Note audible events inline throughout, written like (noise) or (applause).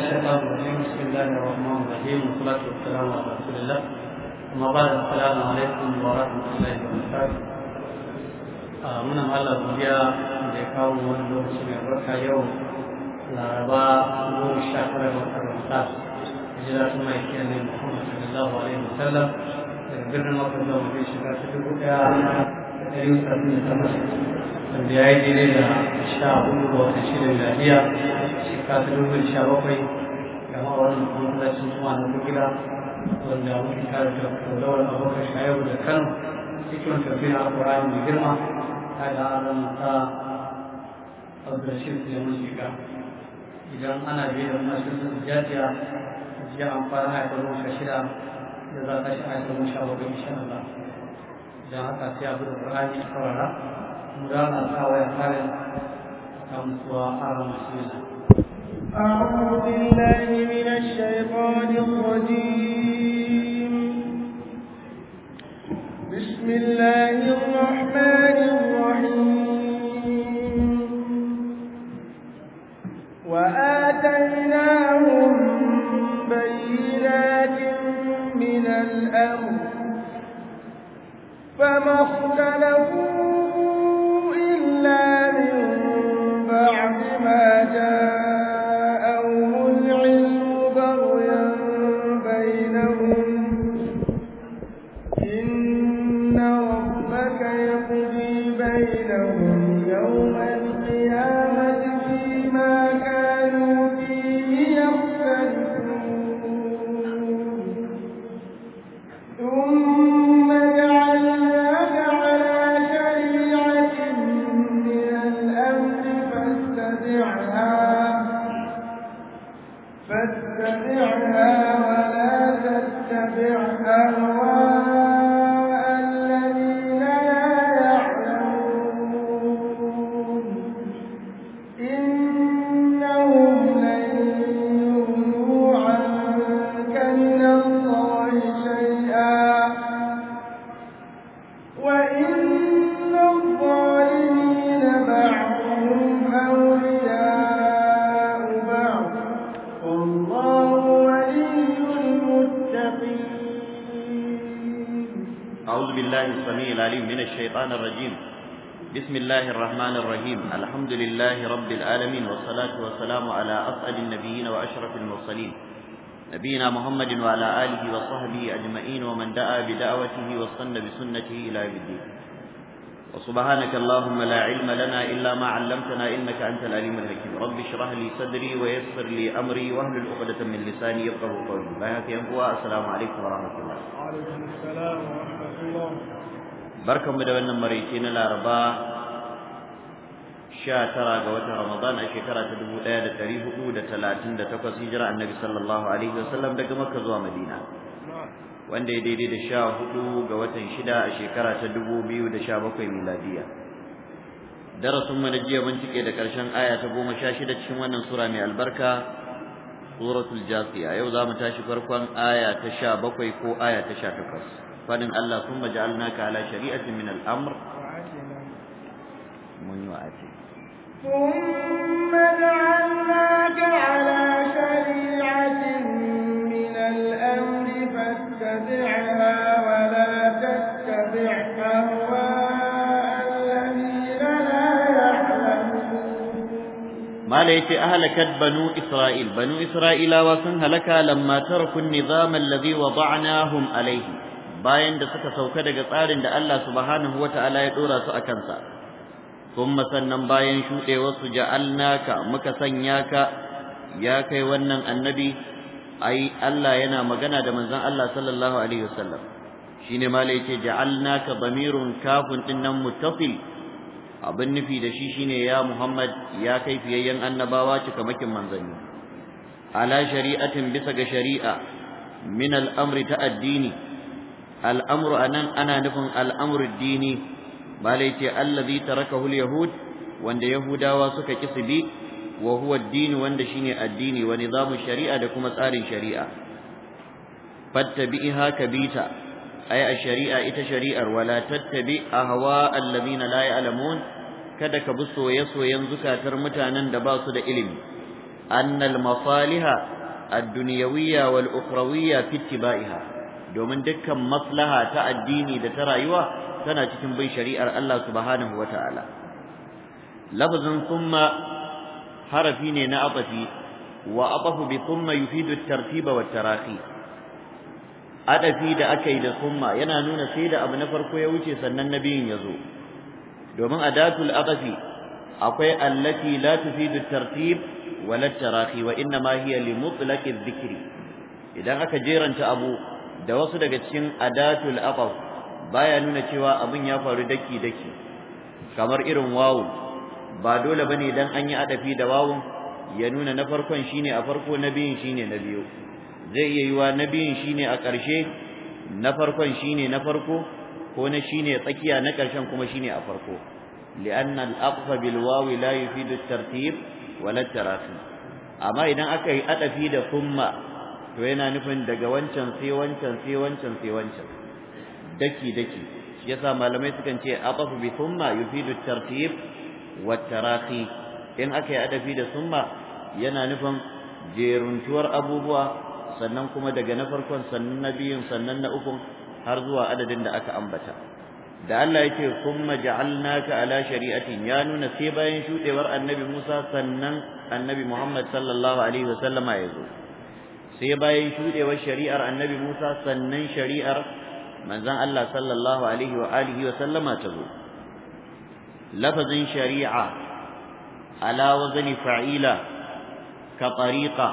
الشيطان الرجيم بسم الله الرحمن الرحيم والصلاة والسلام على رسول الله أما بعد السلام عليكم ورحمة الله وبركاته muna Allah godiya da ya kawo wani lokaci mai barka yau laraba goma sha tara ga karanta hijira ta mai kiyar ne Muhammad sallallahu alaihi wa sallam daga birnin Makka zuwa Madina shekara ta dubu ɗaya da ɗari talatin hudu shekara ta dubu sha bakwai gama wannan masallacin zuwa na gida wanda muke tare da kulawar abokan shayabu da kano cikin tafiyar alkurani mai girma ta da aron ta abdulrashid da mun shiga idan ana biye da masallacin jajiya jiya an fara haifar musa shida da za ta shi haifar musa bakwai insha Allah idan haka sai abu da kurani a kawara mu za a sa waya farin kan kuwa aron masu أعوذ بالله من الشيطان الرجيم بسم الله الرحمن الرحيم وآتيناهم بينات من فما اختلفوا إلا من بعد ما الشيطان الرجيم بسم الله الرحمن الرحيم الحمد لله رب العالمين والصلاة والسلام على أسعد النبيين وأشرف المرسلين نبينا محمد وعلى آله وصحبه أجمعين ومن دعا بدعوته واصطن بسنته إلى يوم الدين وسبحانك اللهم لا علم لنا إلا ما علمتنا إنك أنت العليم الحكيم رب اشرح لي صدري ويسر لي أمري واهلل عقدة من لساني يفقهوا قولي ما السلام عليكم ورحمة الله وعليكم السلام ورحمة الله barkanmu da wannan maraice na laraba sha tara ga watan ramadan a shekara ta dubu ɗaya da ɗari hudu da talatin da takwas hijira annabi sallallahu alaihi wasallam daga makka zuwa madina wanda ya daidai da sha hudu ga watan shida a shekara ta dubu biyu da sha bakwai miladiya darasin mu na jiya mun cike da ƙarshen aya ta goma sha shida cikin wannan sura mai albarka suratul jasiya yau za mu tashi farkon aya ta sha bakwai ko aya ta sha takwas fadin Allah ثم جعلناك على شريعة من الأمر من yi ثم جعلناك على شريعة من الأمر فاتبعها ولا تتبع أهواء الذين لا يعلمون ما ليت أهلكت بنو إسرائيل بنو إسرائيل وسن لك لما تركوا النظام الذي وضعناهم عليه bayan da suka sauka daga tsarin da Allah subhanahu wataala ya dora su a kansa kuma sannan bayan shudewar su ja'alnaka muka sanya ka ya kai wannan annabi ai Allah yana magana da manzon Allah sallallahu alaihi wasallam shine malai yace ja'alnaka bamirun kafun dinnan muttasil abin nufi da shi shine ya Muhammad ya kai fiyayyen annabawa cikamakin manzanni ala shari'atin bisa ga shari'a min al'amri ta addini al'amru anan ana nufin al'amur dini malai Allah zai tarakahu al-yahud wanda yahudawa suka ki su bi wa huwa ad-din wanda shine addini wa zamun shari'a da kuma tsarin shari'a bi ta, ai a sharia ita shari'ar wala tattabi ahwa na layi alamu kada ka bi soye-soyen zukatar mutanen da ba su da ilimi annal masaliha ad-dunyawiyya wal fitti fi ittiba'iha domin dukkan maslaha ta addini da ta rayuwa tana cikin bin shari'ar Allah subhanahu wataala lafazin thumma harafi ne na atafi wa atafu bi thumma yufidu at-tartiba wa tarahi adafi da aka yi da thumma yana nuna sai da abu na farko ya wuce sannan nabiyin ya zo domin adatul atafi akwai allati la tufidu at-tartib wa la tarahi wa inma hiya li mutlaqi dhikri idan aka jeranta abu da wasu daga cikin adatul aqaf baya nuna cewa abin ya faru daki daki kamar irin wawu ba dole bane dan an yi adafi da wawun ya nuna na farkon shine a farko na biyun shine na biyu zai iya yiwa na biyun shine a ƙarshe na farkon shine na farko ko na shine tsakiya na ƙarshen kuma shine a farko لأن la yufidu at-tartib wala at-tarafi amma idan aka yi adafi da kuma to yana nufin daga wancan sai wancan sai wancan sai wancan daki daki yasa malamai sukan ce atafu bi thumma yufidu tartib wa tarahi in aka yi adafi da thumma yana nufin jeruntuwar abubuwa sannan kuma daga na farkon sannan na biyun sannan na ukun har zuwa adadin da aka ambata da Allah yake kuma ja'alnaka ala shari'atin ya nuna sai bayan shudewar annabi Musa sannan annabi Muhammad sallallahu alaihi wasallama ya zo sai bayan shudewar shari'ar annabi Musa sannan shari'ar manzon Allah sallallahu alaihi wa alihi wa sallama ta zo lafazin shari'a ala wazni fa'ila ka tariqa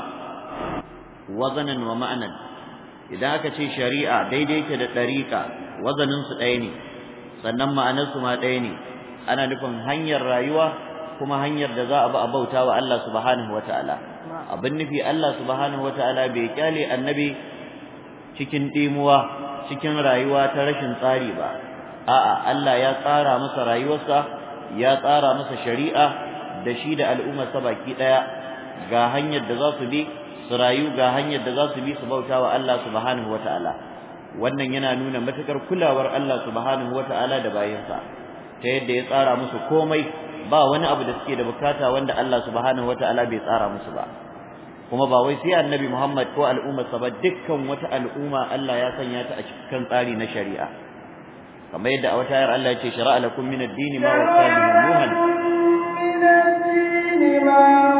wazanan wa ma'anan idan aka ce shari'a daidai yake da tariqa wazanin su ɗaya ne sannan ma'anar su ma ɗaya ne ana nufin hanyar rayuwa kuma hanyar da za a bi a bauta wa Allah subhanahu wataala abin nufi Allah subhanahu wataala bai kyale annabi cikin dimuwa cikin rayuwa ta rashin tsari ba a'a Allah ya tsara masa rayuwarsa ya tsara masa shari'a da shi da al'umma sabaki baki daya ga hanyar da za su bi su rayu ga hanyar da za su bi su bauta wa Allah subhanahu wataala wannan yana nuna matakar kulawar Allah subhanahu wataala da bayansa ta yadda ya tsara musu komai ba wani abu da suke da bukata wanda Allah subhanahu wataala bai tsara musu ba kuma ba wai sai annabi Muhammad ko al'umma ba dukkan wata al'umma Allah ya sanya ta a cikin tsari na shari'a kamar yadda a wata ayar Allah ya ce shar'a lakum min ad-din ma wasalihu min ad-din ma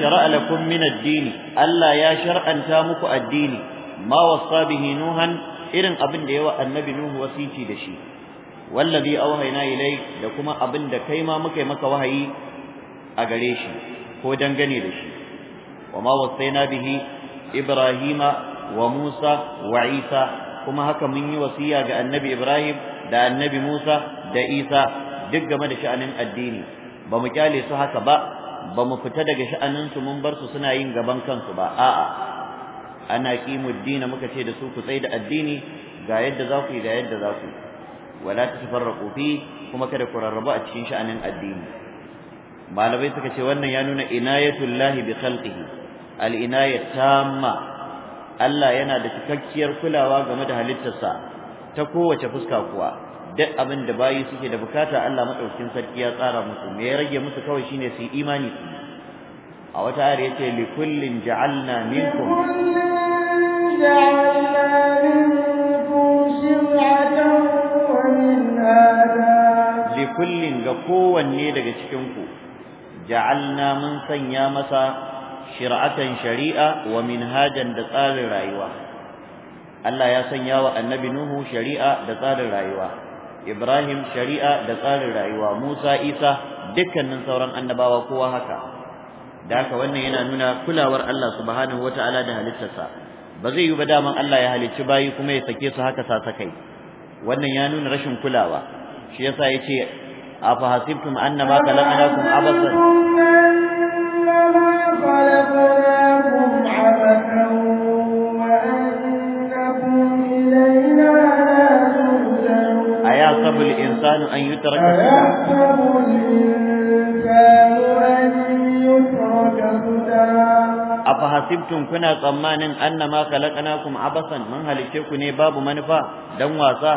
شرع لكم من الدين ألا يا شرعا تامك الدين ما وصى به نوحا إرن أبن ديوى النبي نوح وسيتي دشي والذي أوهينا إليك لكما أبن دكيما مكي مك وهي أغريشي هو دنغني دشي وما وصينا به إبراهيم وموسى وعيسى كما هكا مني وصية النبي إبراهيم دا النبي موسى دا إيسى دق ما دشأن الدين بمجالي سهك بأ ba mu fita daga sha'aninsu mun bar su suna yin gaban kansu ba a'a ana kimuddina muka ce da su ku tsaye da addini ga yadda za ku yi ga yadda za ku yi wala tatafarraqu fi kuma kada ku rarrabu a cikin sha'anin addini malamai suka ce wannan ya nuna inayatullahi bi khalqihi al inaya tamma Allah yana da cikakkiyar kulawa game da halittarsa ta kowace fuska kuwa duk abin da bayi suke da bukata Allah madaukakin sarki ya tsara musu me ya rage musu kawai shine su imani a wata ayar yace li kullin ja'alna minkum ja'alna minkum shir'atan wa li kullin ga kowanne daga cikin ku ja'alna mun sanya masa shir'atan shari'a wa minhajan da tsarin rayuwa Allah ya sanya wa annabi Nuhu shari'a da tsarin rayuwa Ibrahim shari'a da tsarin rayuwa Musa Isa dukkanin sauran annabawa kowa haka da haka wannan yana nuna kulawar Allah subhanahu wataala da halittarsa ba zai yi ba daman Allah ya halicci bayi kuma ya sake su haka sasakai wannan ya nuna rashin kulawa shi yasa yace afa hasibtum annama khalaqnakum abasan أن يترك أيحسب الإنسان أن يترك سدى أفحسبتم كنا ظمانا أنما خلقناكم عبثا من هل الشيخ باب منفى دم واسا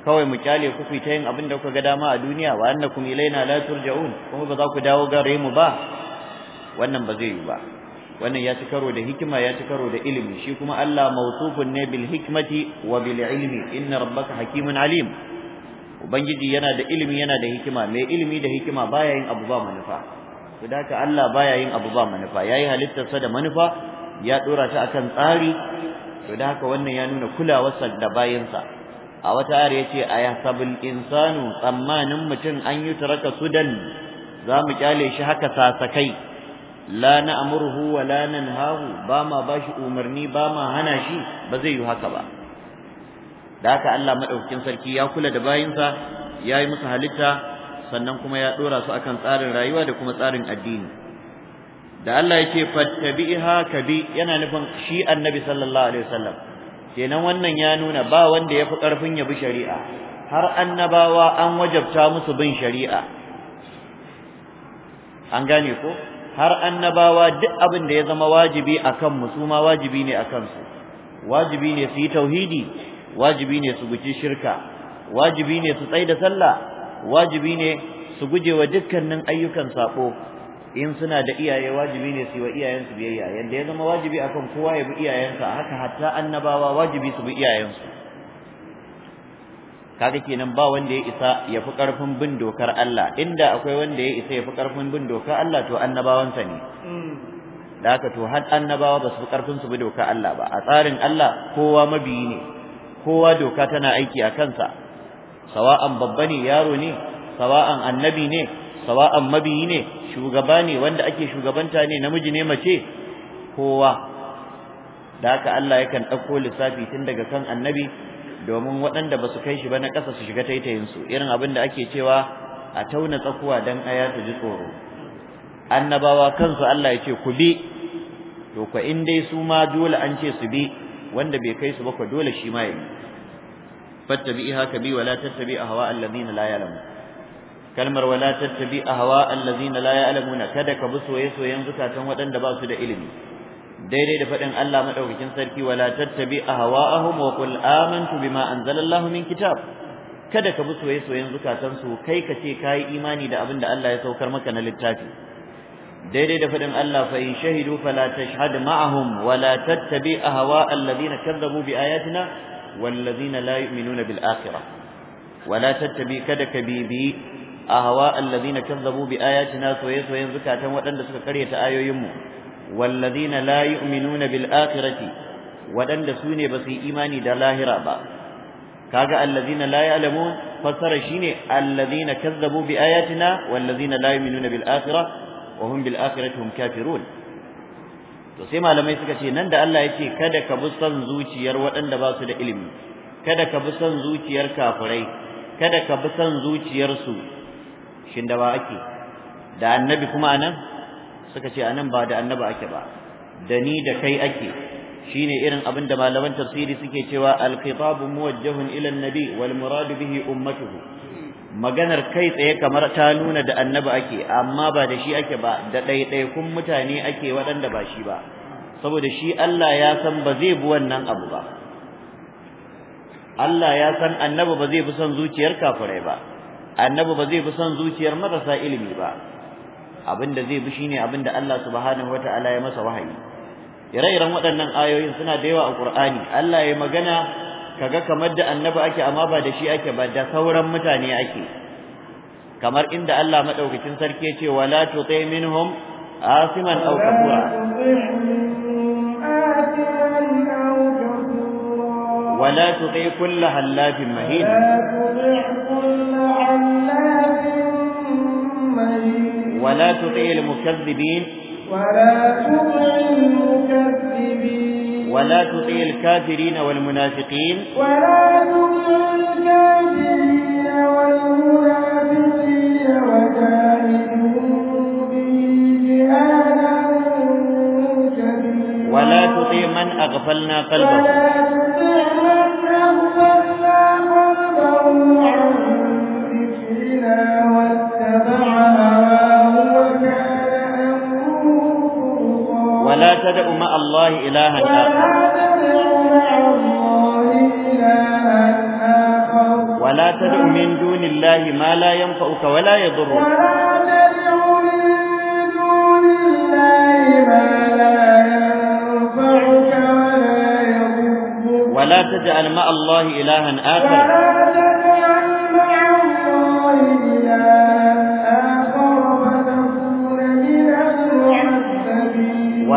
kawai mu kyale ku ku ta yin abin da kuka ga dama a duniya wa annakum ilaina la turja'un kuma ba za ku dawo gare mu ba wannan ba zai yi ba wannan ya ci karo da hikima ya ci karo da ilimi shi kuma Allah mawsufun ne bil hikmati wa bil ilmi inna rabbaka hakimun alim ubangiji yana da ilimi yana da hikima mai ilimi da hikima baya yin abu ba manufa to da haka Allah baya yin abu ba manufa yayi halittarsa da manufa ya dora ta akan tsari to da haka wannan ya nuna sa da sa a wata ayar yace ayasabul insanu tsammanin mutum an yi taraka sudan za mu kyale shi haka sasakai la na'muruhu wa la nanhahu ba ma bashi umarni ba ma hana shi ba zai yi haka ba da haka Allah madaukakin sarki ya kula da bayinsa ya yi musu halitta sannan kuma ya dora su akan tsarin rayuwa da kuma tsarin addini da Allah ya ce fattabi'ha kabi yana nufin shi annabi sallallahu alaihi wasallam kenan wannan ya nuna ba wanda yafi karfin ya bi shari'a har annabawa an wajabta musu bin shari'a an gane ko har annabawa duk abin da ya zama wajibi akan mu ma wajibi ne akan su wajibi ne su yi tauhidi wajibi ne su guji shirka wajibi ne su tsaida sallah wajibi ne su guje wa dukkanin ayyukan sako in suna da iyaye wajibi ne su yi wa iyayensu biyayya yadda ya zama wajibi akan kowa ya bi iyayensa haka hatta annabawa wajibi su bi iyayensu kaga kenan ba wanda ya isa ya fi karfin bin dokar Allah inda akwai wanda ya isa ya fi karfin bin dokar Allah to annabawansa ne mm. da haka to har annabawa ba su fi karfin su bi dokar Allah ba a tsarin Allah kowa mabiyi ne kowa doka tana aiki a kansa sawa'an babba ne yaro ne sawa'an annabi ne sawa'an mabiyi ne shugaba ne wanda ake shugabanta ne namiji ne mace kowa da haka Allah yakan ɗauko lissafi tun daga kan annabi domin waɗanda ba su kai shi ba na ƙasa su shiga taitayinsu irin abin da ake cewa a tauna tsakuwa don aya ta ji tsoro annabawa kansu Allah ya ce ku bi to in dai su ma dole an ce su bi wanda bai kai su ba ko dole shi ma yayi fattabi'iha kabi wala tattabi ahwa alladhina la ya'lamun kalmar wala tattabi ahwa alladhina la ya'lamuna kada ka bi soyayyen zukatan waɗanda ba su da ilimi daidai da faɗin Allah madaukakin sarki wala tattabi ahwa'ahum wa qul amantu bima anzalallahu min kitab kada ka bi soyayyen zukatan su kai ka ce kai imani da abin da Allah ya saukar maka na littafi daidai da faɗin Allah fa in shahidu fala tashhad ma'ahum wala tattabi ahwa alladhina kadzabu bi ayatina walladhina la yu'minuna bil akhirah wala tattabi kada kabibi ahwa alladhina kadzabu bi ayatina soye soyen zukatan waɗanda suka karyata ayoyin mu walladhina la yu'minuna bil akhirati waɗanda su ne ba su yi imani da lahira ba kaga alladhina la ya'lamun fasara shine alladhina kadzabu bi ayatina walladhina la yu'minuna bil akhirah wa hum bil akhirati hum kafirun to sai malamai suka ce nan da Allah yake kada ka bi son zuciyar waɗanda ba su da ilimi kada ka bi son zuciyar kafirai kada ka bi son zuciyar su shin da ba ake da annabi kuma anan suka ce anan ba da annabi ake ba da ni da kai ake shine irin abin da malaman tafsiri suke cewa al-khitabu muwajjahun ila an-nabi wal muradu bihi ummatuhu maganar kai tsaye kamar ta nuna da annabi ake amma ba da shi ake ba da kun mutane ake waɗanda ba shi ba saboda shi Allah ya san ba zai bi wannan abu ba Allah ya san annabi ba zai bi son zuciyar kafirai ba annabi ba zai bi son zuciyar marasa ilimi ba abinda zai bi shine abinda Allah subhanahu wataala ya masa wahayi ire-iren waɗannan ayoyin suna da yawa a Qur'ani Allah ya magana kaga kamar da annabi ake amma ba da shi ake ba da sauran mutane ake kamar inda Allah madaukakin sarki ya ce wala tuti minhum asiman aw kafura wala tuti kull halafin mahin ولا تطع المكذبين ولا تطع المكذبين ولا تطيع الكافرين والمنافقين ولا تطيع الكافرين والمنافقين ولا تطيع من أغفلنا قلبه ولا تطيع من أغفلنا قلبه عن ذكرنا ولا تدعوا مع الله إلها آخر ولا تدعوا من دون الله ما لا ينفعك ولا يضرك ولا تجعل مع الله إلها آخر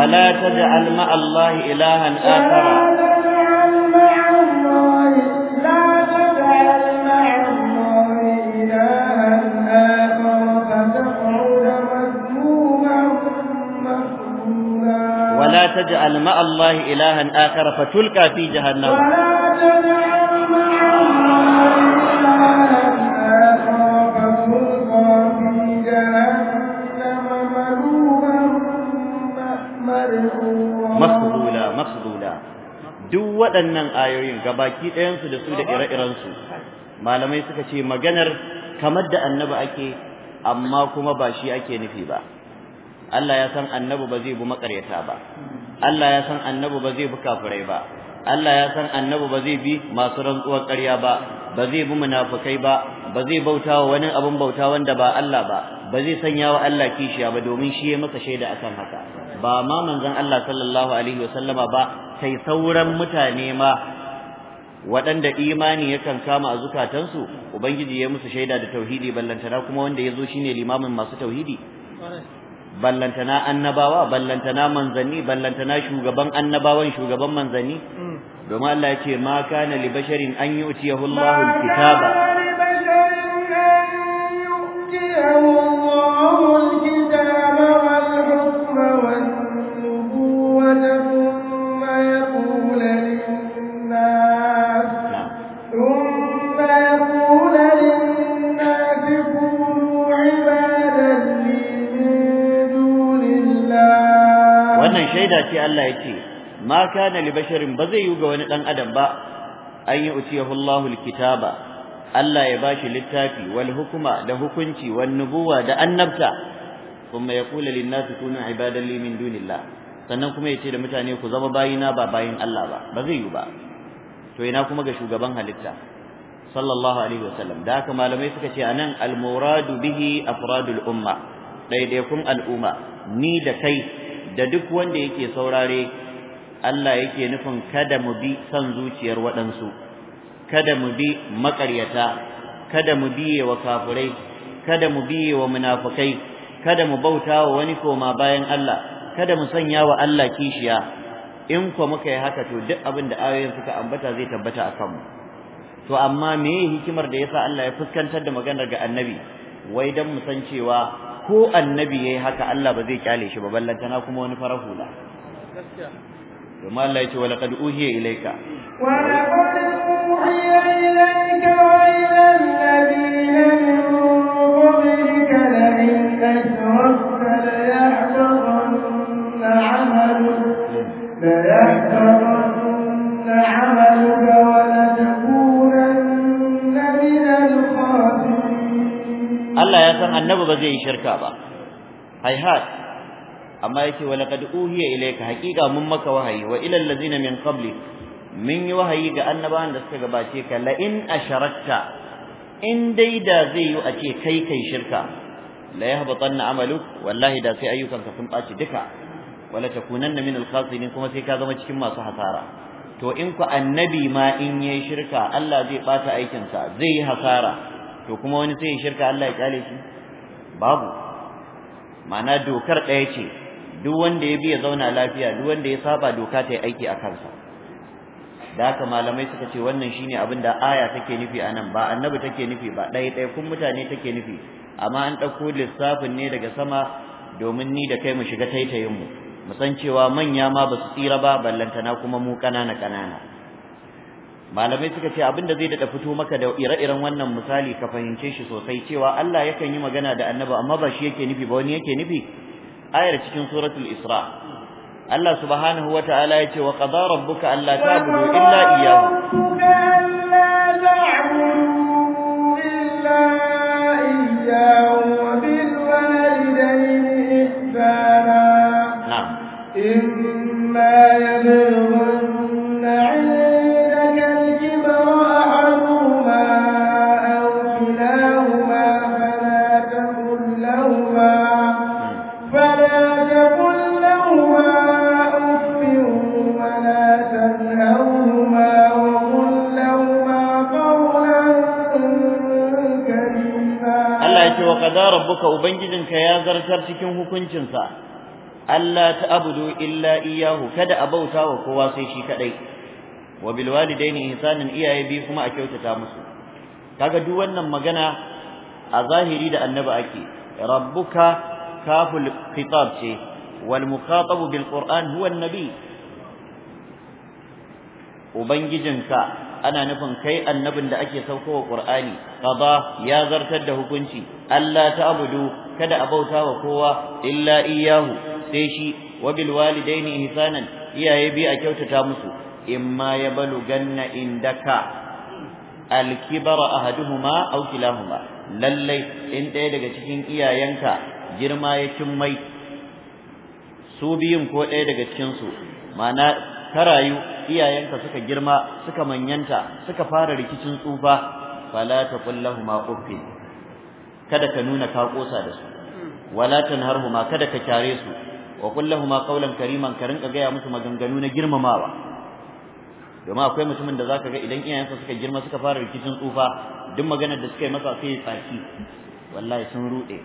ولا تجعل مع الله إلها آخر ولا تجعل مع الله إلها آخر فتلقى في جهنم makhzula makhzula duk waɗannan ayoyin gabaki ɗayan su da su da ire-iren su malamai suka ce maganar kamar da annabi ake amma kuma ba shi ake nufi ba Allah ya san annabi ba zai bi makaryata ba Allah ya san annabi ba zai bi kafirai ba Allah ya san annabi ba zai bi masu rantsuwar ƙarya ba ba zai bi munafukai ba ba zai bauta wa wani abin bauta wanda ba Allah ba ba zai sanya wa Allah kishiya ba domin shi ya masa shaida akan haka ba ma manzon Allah sallallahu alaihi wasallama ba sai sauran mutane ma waɗanda imani yakan kama a zukatansu ubangiji ya musu shaida da tauhidi ballantana kuma wanda ya zo shine limamin masu tauhidi ballantana annabawa ballantana manzanni ballantana shugaban annabawan shugaban manzanni domin Allah yace ce ma kana li basharin an yu'tiyahu Allahu kitaba li basharin an yu'tiyahu Allahu kitaba hujja ce Allah ya ce ma kana li basharin ba zai yi ga wani dan adam ba an yi utiyahu Allahu alkitaba Allah ya bashi littafi wal hukuma da hukunci wan nubuwa da annabta kuma ya kula lin nas kunu ibadan li min dunillah sannan kuma ya ce da mutane ku zama bayina ba bayin Allah ba ba zai yi ba to ina kuma ga shugaban halitta sallallahu alaihi wasallam da haka malamai suka ce anan al muradu bihi afradul umma daidaikun al'umma ni da kai da duk wanda yake saurare Allah yake nufin kada mu bi san zuciyar waɗansu kada mu bi makaryata kada mu biye wa kafirai kada mu biye wa munafukai kada mu bauta wa wani koma bayan Allah kada mu sanya wa Allah kishiya in ko muka yi haka to duk abin da ayoyin suka ambata zai tabbata a kanmu to amma me hikimar da yasa Allah ya fuskantar da maganar ga annabi wai dan mu san cewa ko annabi yayi haka Allah ba zai kyale shi ba ballanta na kuma wani farahu la kuma Allah ya ce wa laqad uhiya ilayka wa laqad uhiya ilayka wa ila alladhina min annabi ba zai yi shirka ba hayhat amma yake wa laqad uhiya ilayka haqiqa mun maka wahayi wa ila allazina min qabli min yi wahayi ga annabawan da suka gabace ka la in asharakta in dai da zai yi a ce kai kai shirka la yahbatanna amaluk wallahi da sai ayyukanka sun baci duka wala takunanna min al-khasirin kuma sai ka zama cikin masu hasara to in ku annabi ma in yi shirka Allah zai bata aikinsa zai yi hasara to kuma wani sai ya shirka Allah ya kyale shi babu ma'ana dokar ɗaya ce duk wanda ya bi ya zauna lafiya duk wanda ya saba doka ta yi aiki a kansa da haka malamai suka ce wannan shine abin da aya take nufi a nan ba annabi take nufi ba ɗaya ɗaya kun mutane take nufi amma an ɗauko lissafin ne daga sama domin ni da kai mu shiga taitayin mu mu san cewa manya ma ba su tsira ba ballantana kuma mu ƙanana ƙanana malamai suka ce abin da zai daɗa fito maka da ire-iren wannan misali ka fahimce shi sosai cewa Allah yakan yi magana da annabi amma ba shi yake nufi ba wani yake nufi ayar cikin suratul isra Allah subhanahu wa ta'ala ya ce wa qada rabbuka alla ta'budu illa iyyahu إما يبلغن qada rabbuka ubangijinka ya zartar cikin hukuncinsa Allah ta'budu illa iyyahu kada a bauta wa kowa sai shi kadai wa bil walidaini ihsanan iyaye bi kuma a kyautata musu kaga duk wannan magana a zahiri da annabi ake rabbuka kaful khitab ce wal mukhatab bil qur'an huwa an-nabi ubangijinka ana nufin kai annabin da ake saukowa qur'ani qada ya zartar da hukunci Allah ta'budu kada a bauta wa kowa illa iyyahu sai shi wa bil walidaini ihsanan iyaye bi a kyautata musu imma yabaluganna indaka alkibara ahaduhuma aw kilahuma lallai in ɗaya daga cikin iyayenka girma ya cin mai su biyun ko ɗaya daga cikin su ma'ana rayu. iyayenka suka girma suka manyanta suka fara rikicin tsufa fala taqul lahum uffin kada ka nuna ka kosa da su wala tanharhuma kada ka kyare su wa qul lahum qawlan kariman ka rinka gaya musu maganganu na girmamawa domin akwai mutumin da zaka ga idan iyayensa suka girma suka fara rikicin tsufa duk maganar da suka yi masa sai ya tsaki wallahi sun rude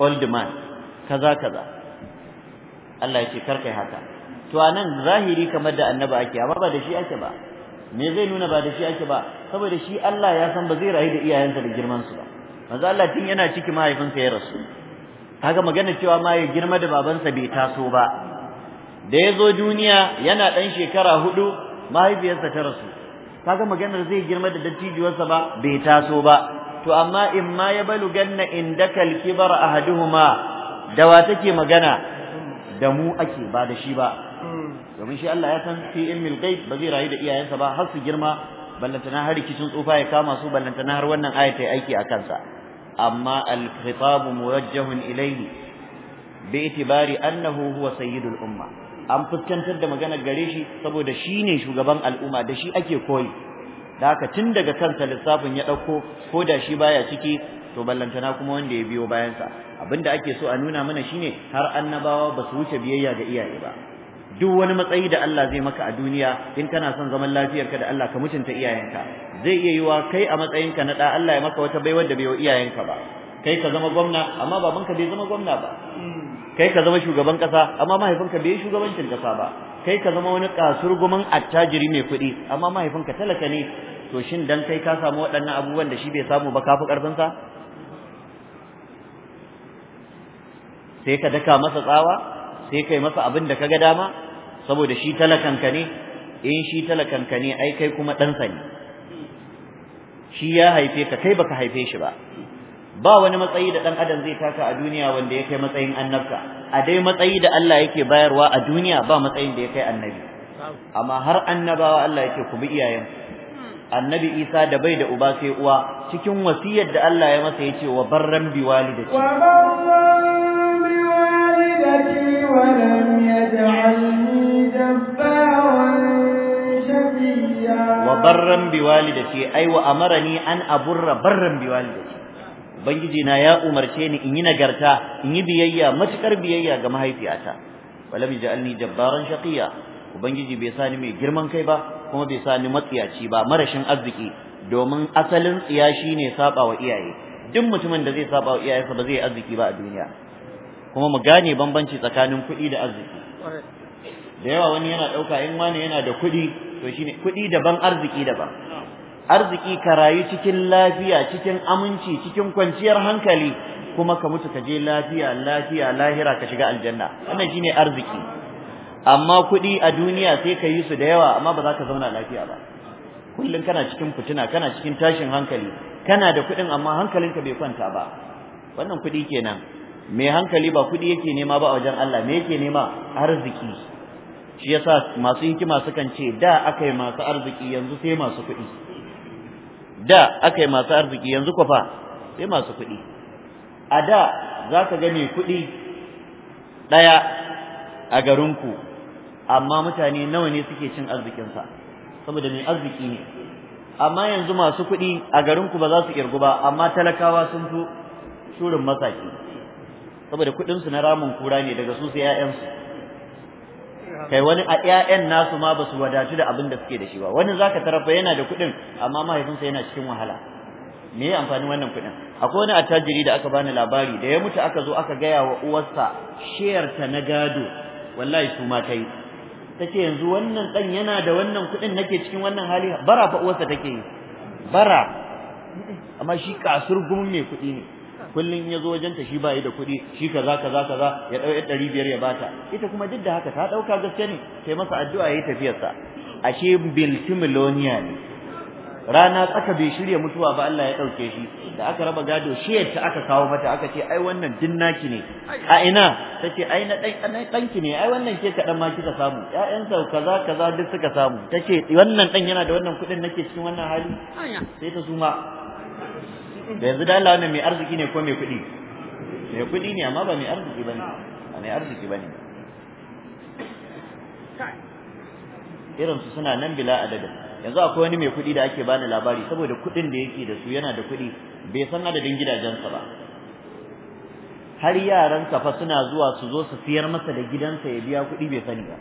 old man kaza kaza Allah ya ce kar kai haka to anan zahiri kamar da annaba ake amma ba da shi ake ba me zai nuna ba da shi ake ba saboda shi Allah ya san ba zai rayu da iyayensa da girman su ba manzo Allah tun yana ciki mahaifinsa ya rasu kaga magana cewa ma ya girma da babansa bai taso ba da ya zo duniya yana dan shekara hudu mahaifiyarsa ta rasu kaga maganar zai girma da dattijuwarsa ba bai taso ba to amma in ma ya baluganna indakal kibar ahaduhuma da wa take magana da mu ake ba da shi ba domin shi Allah ya san fi ilmil ghaib ba zai rayu da iyayensa ba har su girma ballantana har rikicin tsufa ya kama su ballantana har wannan aya ta aiki a kansa amma al-khitabu muwajjahun ilayhi bi itibari annahu huwa sayyidul umma an fuskantar da magana gare shi saboda shine shugaban al'umma da shi ake koyi da haka tun daga kansa lissafin ya dauko ko da shi baya ciki to ballantana kuma wanda ya biyo bayansa abinda ake so a nuna mana shine har annabawa ba su wuce biyayya ga iyaye ba duk wani matsayi da Allah zai maka a duniya in kana son zaman lafiyarka da Allah ka mutunta iyayenka zai iya yiwa kai a matsayinka na da Allah ya maka wata baiwar da bai wa iyayenka ba kai ka zama gwamna amma babanka bai zama gwamna ba kai ka zama shugaban kasa amma mahaifinka bai shugabancin kasa ba kai ka zama wani kasurguman attajiri mai kuɗi amma mahaifinka talaka ne to shin dan kai ka samu waɗannan abubuwan da shi bai samu ba kafi karfin sa sai ka daka masa tsawa sai kai masa abin da kaga dama saboda shi talakanka ne in shi talakanka ne ai kai kuma ɗansa ne shi ya haife ka kai baka haife shi ba ba wani matsayi da ɗan adam zai taka a duniya wanda ya kai matsayin annabta a dai matsayi da Allah yake bayarwa a duniya ba matsayin da ya kai annabi amma har annabawa Allah yake ku bi iyayen annabi Isa da bai da uba sai uwa cikin wasiyar da Allah ya masa yace wa barran biwalidati wa biwali da يجعلني جبارا شقيا amara ni an aburra barran biwali da بوالدتي Ubangiji na ya umarce ni in yi nagarta in yi biyayya matukar biyayya ga mahaifiyata walam ja'alni jabbaran shaqiya ubangiji bai sani mai girman kai ba kuma bai sani matsiyaci ba marashin arziki domin asalin tsiya shine saba wa iyaye duk mutumin da zai saba wa iyayensa ba zai arziki ba a duniya kuma mu gane bambanci tsakanin kuɗi da arziki da yawa wani yana ɗauka in wani yana da kuɗi to shine kuɗi daban arziki daban arziki ka rayu cikin lafiya cikin aminci cikin kwanciyar hankali kuma ka mutu ka je lafiya lafiya lahira ka shiga aljanna wannan shine arziki amma kuɗi a duniya sai ka yi su da yawa amma ba za ka zauna lafiya ba kullum kana cikin fitina kana cikin tashin hankali kana da kuɗin amma hankalinka bai kwanta ba wannan kuɗi kenan mai hankali ba kuɗi yake nema ba a wajen Allah me yake nema arziki shi yasa masu hikima sukan ce da aka yi masu arziki yanzu sai masu kuɗi da aka yi masu arziki yanzu kwafa sai masu kuɗi a da za ka ga mai kuɗi ɗaya a garinku amma mutane nawa ne suke cin arzikinsa saboda mai arziki ne amma yanzu masu kuɗi a garinku ba za su kirgu ba amma talakawa sun fi shurin masaki saboda su na ramin kura ne daga su sai 'ya'yansu kai wani a 'ya'yan nasu ma basu su wadatu da abin da suke da shi ba wani zaka tarafa yana da kuɗin amma mahaifinsa yana cikin wahala me ya amfani wannan kuɗin akwai wani attajiri da aka bani labari da ya mutu aka zo aka gaya wa uwarsa shiyar ta na gado wallahi su ma ta yi yanzu wannan ɗan yana da wannan kuɗin nake cikin wannan hali bara fa uwarsa take yi bara amma shi kasurgun mai kuɗi ne kullun ya zo shi ba da kuɗi shi kaza kaza kaza ya ɗau ɗari biyar ya bata ita kuma duk da haka ta ɗauka gaske ne sai masa addu'a yayi tafiyarsa ashe biltimiloniya ne rana tsaka bai shirya mutuwa ba Allah ya ɗauke shi da aka raba gado shi ta aka kawo mata aka ce ai wannan dinnaki ne a ina ta ai na ɗanki ne ai wannan ke kaɗan ma kika samu ƴaƴansa kaza kaza duk suka samu ta ce wannan ɗan yana da wannan kuɗin nake cikin wannan hali sai ta suma da yanzu da Allah wannan mai arziki ne ko mai kuɗi mai kuɗi ne amma ba mai arziki bane ba mai arziki bane irin su suna nan bila adada yanzu akwai wani mai kuɗi da ake bani labari saboda kuɗin da yake da su yana da kuɗi bai san adadin gidajensa ba har yaran fa suna zuwa su zo su siyar masa da gidansa ya biya kuɗi bai sani ba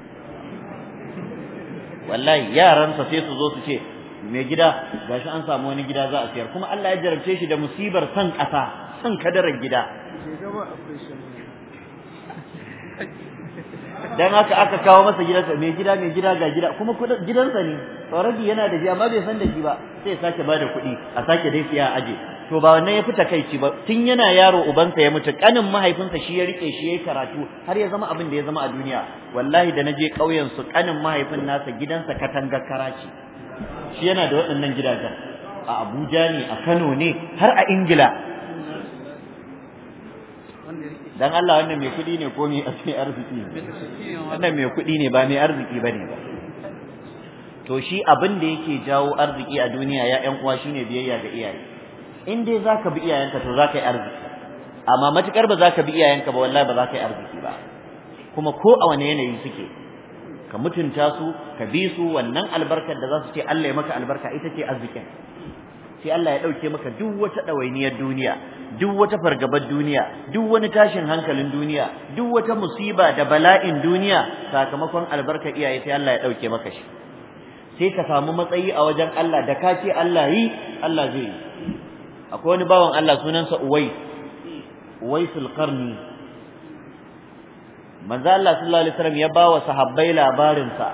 wallahi yaransa sai su zo su ce mai gida gashi an samu wani gida za a siyar kuma Allah ya jarabce shi da musibar san ƙasa san kadarar gida dan haka aka kawo masa gidansa mai gida mai gida ga gida kuma gidansa ne already yana da shi amma bai san da shi ba sai ya sake bada kuɗi a sake dai siya aje to ba wannan ya fita kai ci ba tun yana yaro ubansa ya mutu kanin mahaifinsa shi ya rike shi yayi karatu har ya zama abin da ya zama a duniya wallahi da naje kauyen su kanin mahaifin nasa gidansa katanga karaci shi yana da waɗannan gidajen a Abuja ne a Kano ne har a Ingila dan Allah wannan mai kuɗi ne ko mai (laughs) arziki ne wannan mai kuɗi ne ba mai arziki bane ba to shi abin da yake jawo arziki a duniya ya ƴan uwa shine biyayya ga iyaye in dai zaka bi iyayenka to zaka yi arziki amma matukar ba zaka bi iyayenka ba wallahi ba zaka yi arziki ba kuma ko a wani yanayi suke ka mutunta su ka bi su wannan albarkar da za su ce Allah ya maka albarka ita ce arzikin sai Allah ya ɗauke maka duk wata ɗawainiyar duniya duk wata fargabar duniya duk wani tashin hankalin duniya duk wata musiba da bala'in duniya sakamakon albarkar iyaye sai Allah ya ɗauke maka shi sai ka samu matsayi a wajen Allah da ka ce Allah yi Allah zai yi akwai wani bawan Allah sunansa Uwais Uwaisul Qarni manzo Allah sallallahu alaihi wasallam ya wa sahabbai labarin sa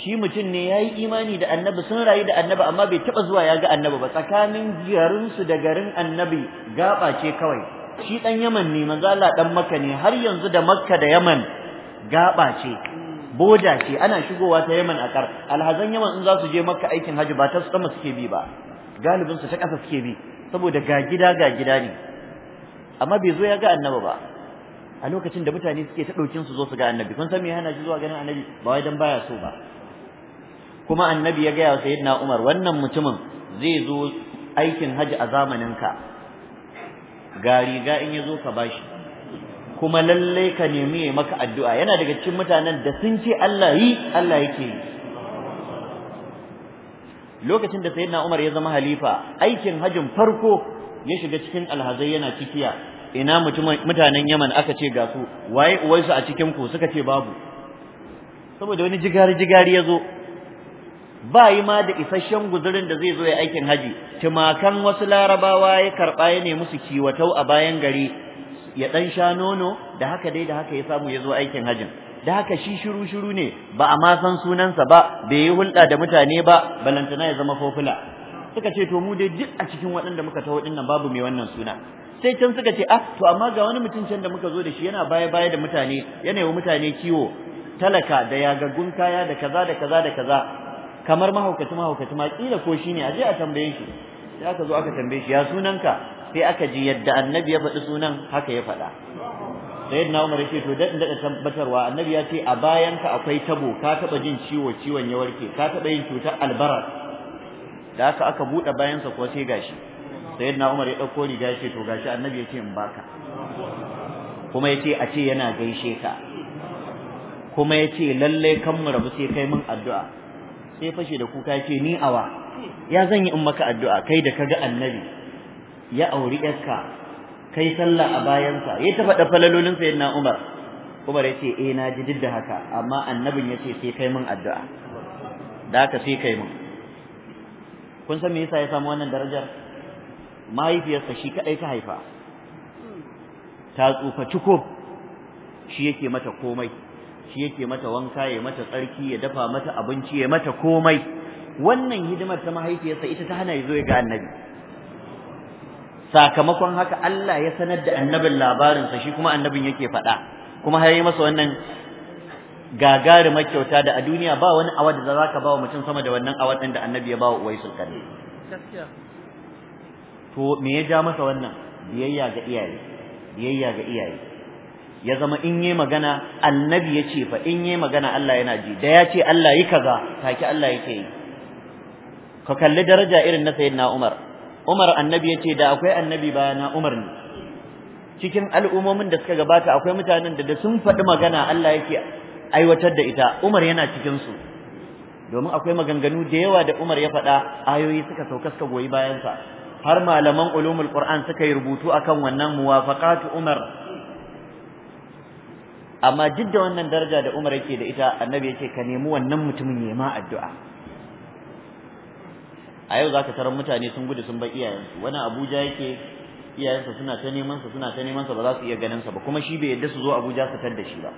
shi mutum ne yayi imani da annabi sun rayu da annabi amma bai taba zuwa ya ga annabi ba tsakanin jiyarin su da garin annabi gaba ce kawai shi dan Yaman ne manzo Allah dan Makka ne har yanzu da Makka da Yaman gaba ce boda ce ana shigowa ta Yaman a kar alhazan Yaman in za su je Makka aikin haji ba ta sama suke bi ba galibin su ta kasa suke bi saboda ga gida ga gida ne amma bai zo ya ga annabi ba a lokacin da mutane suke ta ɗaukin su zo su ga annabi kun san me yana ji zuwa ganin annabi ba wai dan baya so ba kuma annabi ya gaya wa sayyidina Umar wannan mutumin zai zo aikin haji a zamanin ka ga riga in ya zo ka bashi kuma lalle ka nemi ya maka addu'a yana daga cikin mutanen da sun ce Allah yi Allah yake yi lokacin da sayyidina Umar ya zama halifa aikin hajin farko ya shiga cikin alhazai yana cikiya ina mutanen Yaman aka ce ga su waye su a cikin ku suka ce babu saboda wani jigari jigari ya zo ba yi ma da isasshen guzurin da zai zo ya aikin haji tumakan wasu larabawa ya karɓa ya nemi su kiwatau a bayan gari ya dan sha nono da haka dai da haka ya samu ya zo aikin hajin da haka shi shiru shiru ne ba a ma san sunansa ba bai yi hulɗa da mutane ba balantana ya zama fofula suka ce to mu dai duk a cikin waɗanda muka taho ɗin babu mai wannan suna sai can suka ce ah to amma ga wani mutum can da muka zo da shi yana baya baya da mutane yana yi mutane kiwo talaka da yagaggun kaya da kaza da kaza da kaza kamar mahaukaci mahaukaci ma kila ko shine aje a tambaye shi sai aka zo aka tambaye shi ya sunanka sai aka ji yadda annabi ya faɗi sunan haka ya faɗa sayyidina Umar yace to da da tabbatarwa annabi ya ce a bayanka akwai tabo ka taba jin ciwo ciwon ya warke ka taba yin cutar albarar da haka aka buɗe bayansa ko sai gashi sayyidina Umar ya dauko riga shi to gashi annabi yake in baka kuma yace a ce yana gaishe ka kuma yace lalle kan mu rabu sai kai min addu'a sai fashe da kuka yace ni awa ya zan yi in maka addu'a kai da kaga annabi ya auri yarka kai sallah a bayansa ya ta falalolin sayyidina Umar Umar yace eh na ji didda haka amma annabin yace sai kai min addu'a da haka sai kai min kun san me yasa ya samu wannan darajar mahaifiyarsa shi kadai ta haifa ta tsufa ciko shi yake mata komai shi yake mata wanka ya mata tsarki ya dafa mata abinci ya mata komai wannan hidimar ta mahaifiyarsa ita ta hana ya zo ya ga annabi sakamakon haka Allah ya sanar da annabin labarinsa shi kuma annabin yake faɗa kuma har yi masa wannan gagarumar kyauta da a duniya ba wani awa da za ka ba wa mutum sama da wannan awa ɗin da annabi ya ba wa uwaisul gaskiya to me ya ja masa wannan biyayya ga iyaye biyayya ga iyaye ya zama in yi magana annabi ya ce fa in yi magana Allah yana ji da ya ce Allah yi kaza take Allah yake yi ka kalli daraja irin na sayyidina Umar Umar annabi ya ce da akwai annabi na Umar ne cikin al'ummomin da suka gabata akwai mutanen da da sun faɗi magana Allah yake aiwatar da ita Umar yana cikin su domin akwai maganganu da yawa da Umar ya faɗa ayoyi suka sauka suka goyi bayansa har malaman ulumul qur'an suka yi rubutu akan wannan muwafaqatu umar amma duk wannan daraja da umar yake da ita annabi yake ka nemi wannan mutumin ya ma addu'a a yau zaka tarar mutane sun gudu sun bar iyayensu wani abuja yake iyayensa suna ta neman sa suna ta neman sa ba za su iya ganin sa ba kuma shi bai yadda su zo abuja su tar da shi ba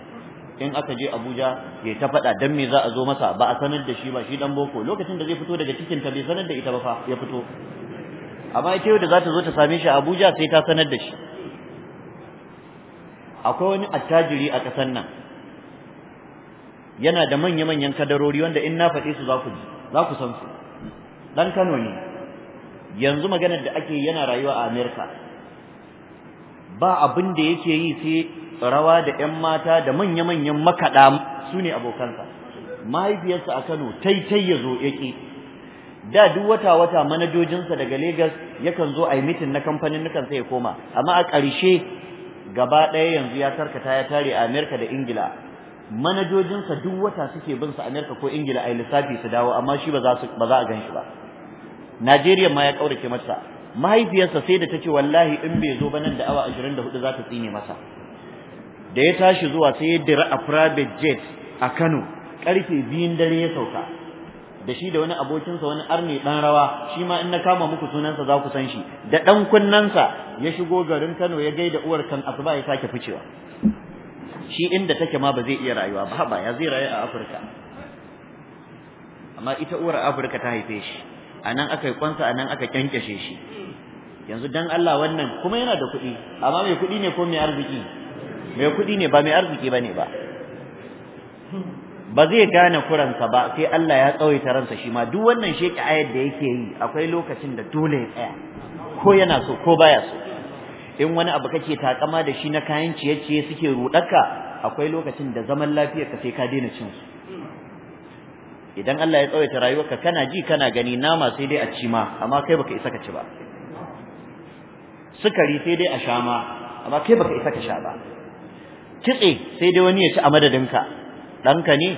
in aka je Abuja ya ta faɗa dan me za a zo masa ba a sanar da shi ba shi dan boko lokacin da zai fito daga cikin ta bai sanar da ita ba fa ya fito amma ita yau da za ta zo ta same shi Abuja sai ta sanar da shi akwai wani attajiri a ƙasar nan yana da manya-manyan kadarori wanda in na faɗe su za ku ji za ku san su Dan Kano ne yanzu maganar da ake yana rayuwa a Amerika ba abin da yake yi sai rawa da ƴan mata da manya-manyan makaɗa su ne abokansa mahaifiyarsa a Kano taitai ya zo yaƙi da duk wata wata manajojinsa daga Lagos yakan zo a yi mitin na kamfanin nukan sai ya koma amma a ƙarshe gaba ɗaya yanzu ya tarkata ya tare a Amerika da Ingila manajojinsa duk wata suke bin sa Amerika ko Ingila a lissafi su dawo amma shi ba za ba za a gan ba Najeriya ma ya kaurace masa mahaifiyarsa sai da ta ce wallahi in bai zo ba nan da awa 24 za ta tsine masa da ya tashi zuwa sai ya dira a private jet a Kano karfe biyun dare ya sauka da shi da wani abokinsa wani arne dan rawa shi ma in na kama muku sunansa za ku san shi da dan sa ya shigo garin Kano ya gaida uwar kan asuba ya sake ficewa shi inda take ma ba zai iya rayuwa ba ba ya zai rayu a Afirka amma ita uwar Afirka ta haife shi anan aka yi kwansa anan aka kyankyashe shi yanzu dan Allah wannan kuma yana da kuɗi amma mai kuɗi ne ko mai arziki mai kuɗi ne ba mai arziki bane ba ba zai gane kuransa ba sai Allah ya tsawaita ransa shi ma duk wannan sheki ayar da yake yi akwai lokacin da dole ya tsaya ko yana so ko baya so in wani abu kake takama da shi na kayan ciye-ciye suke ruɗaka akwai lokacin da zaman lafiyar ka sai ka daina cin su idan Allah ya tsawaita rayuwarka kana ji kana gani nama sai dai a ci ma amma kai baka isa ka ci ba sukari sai dai a sha ma amma kai baka isa ka sha ba kitse sai dai wani ya ci a madadinka ɗanka ne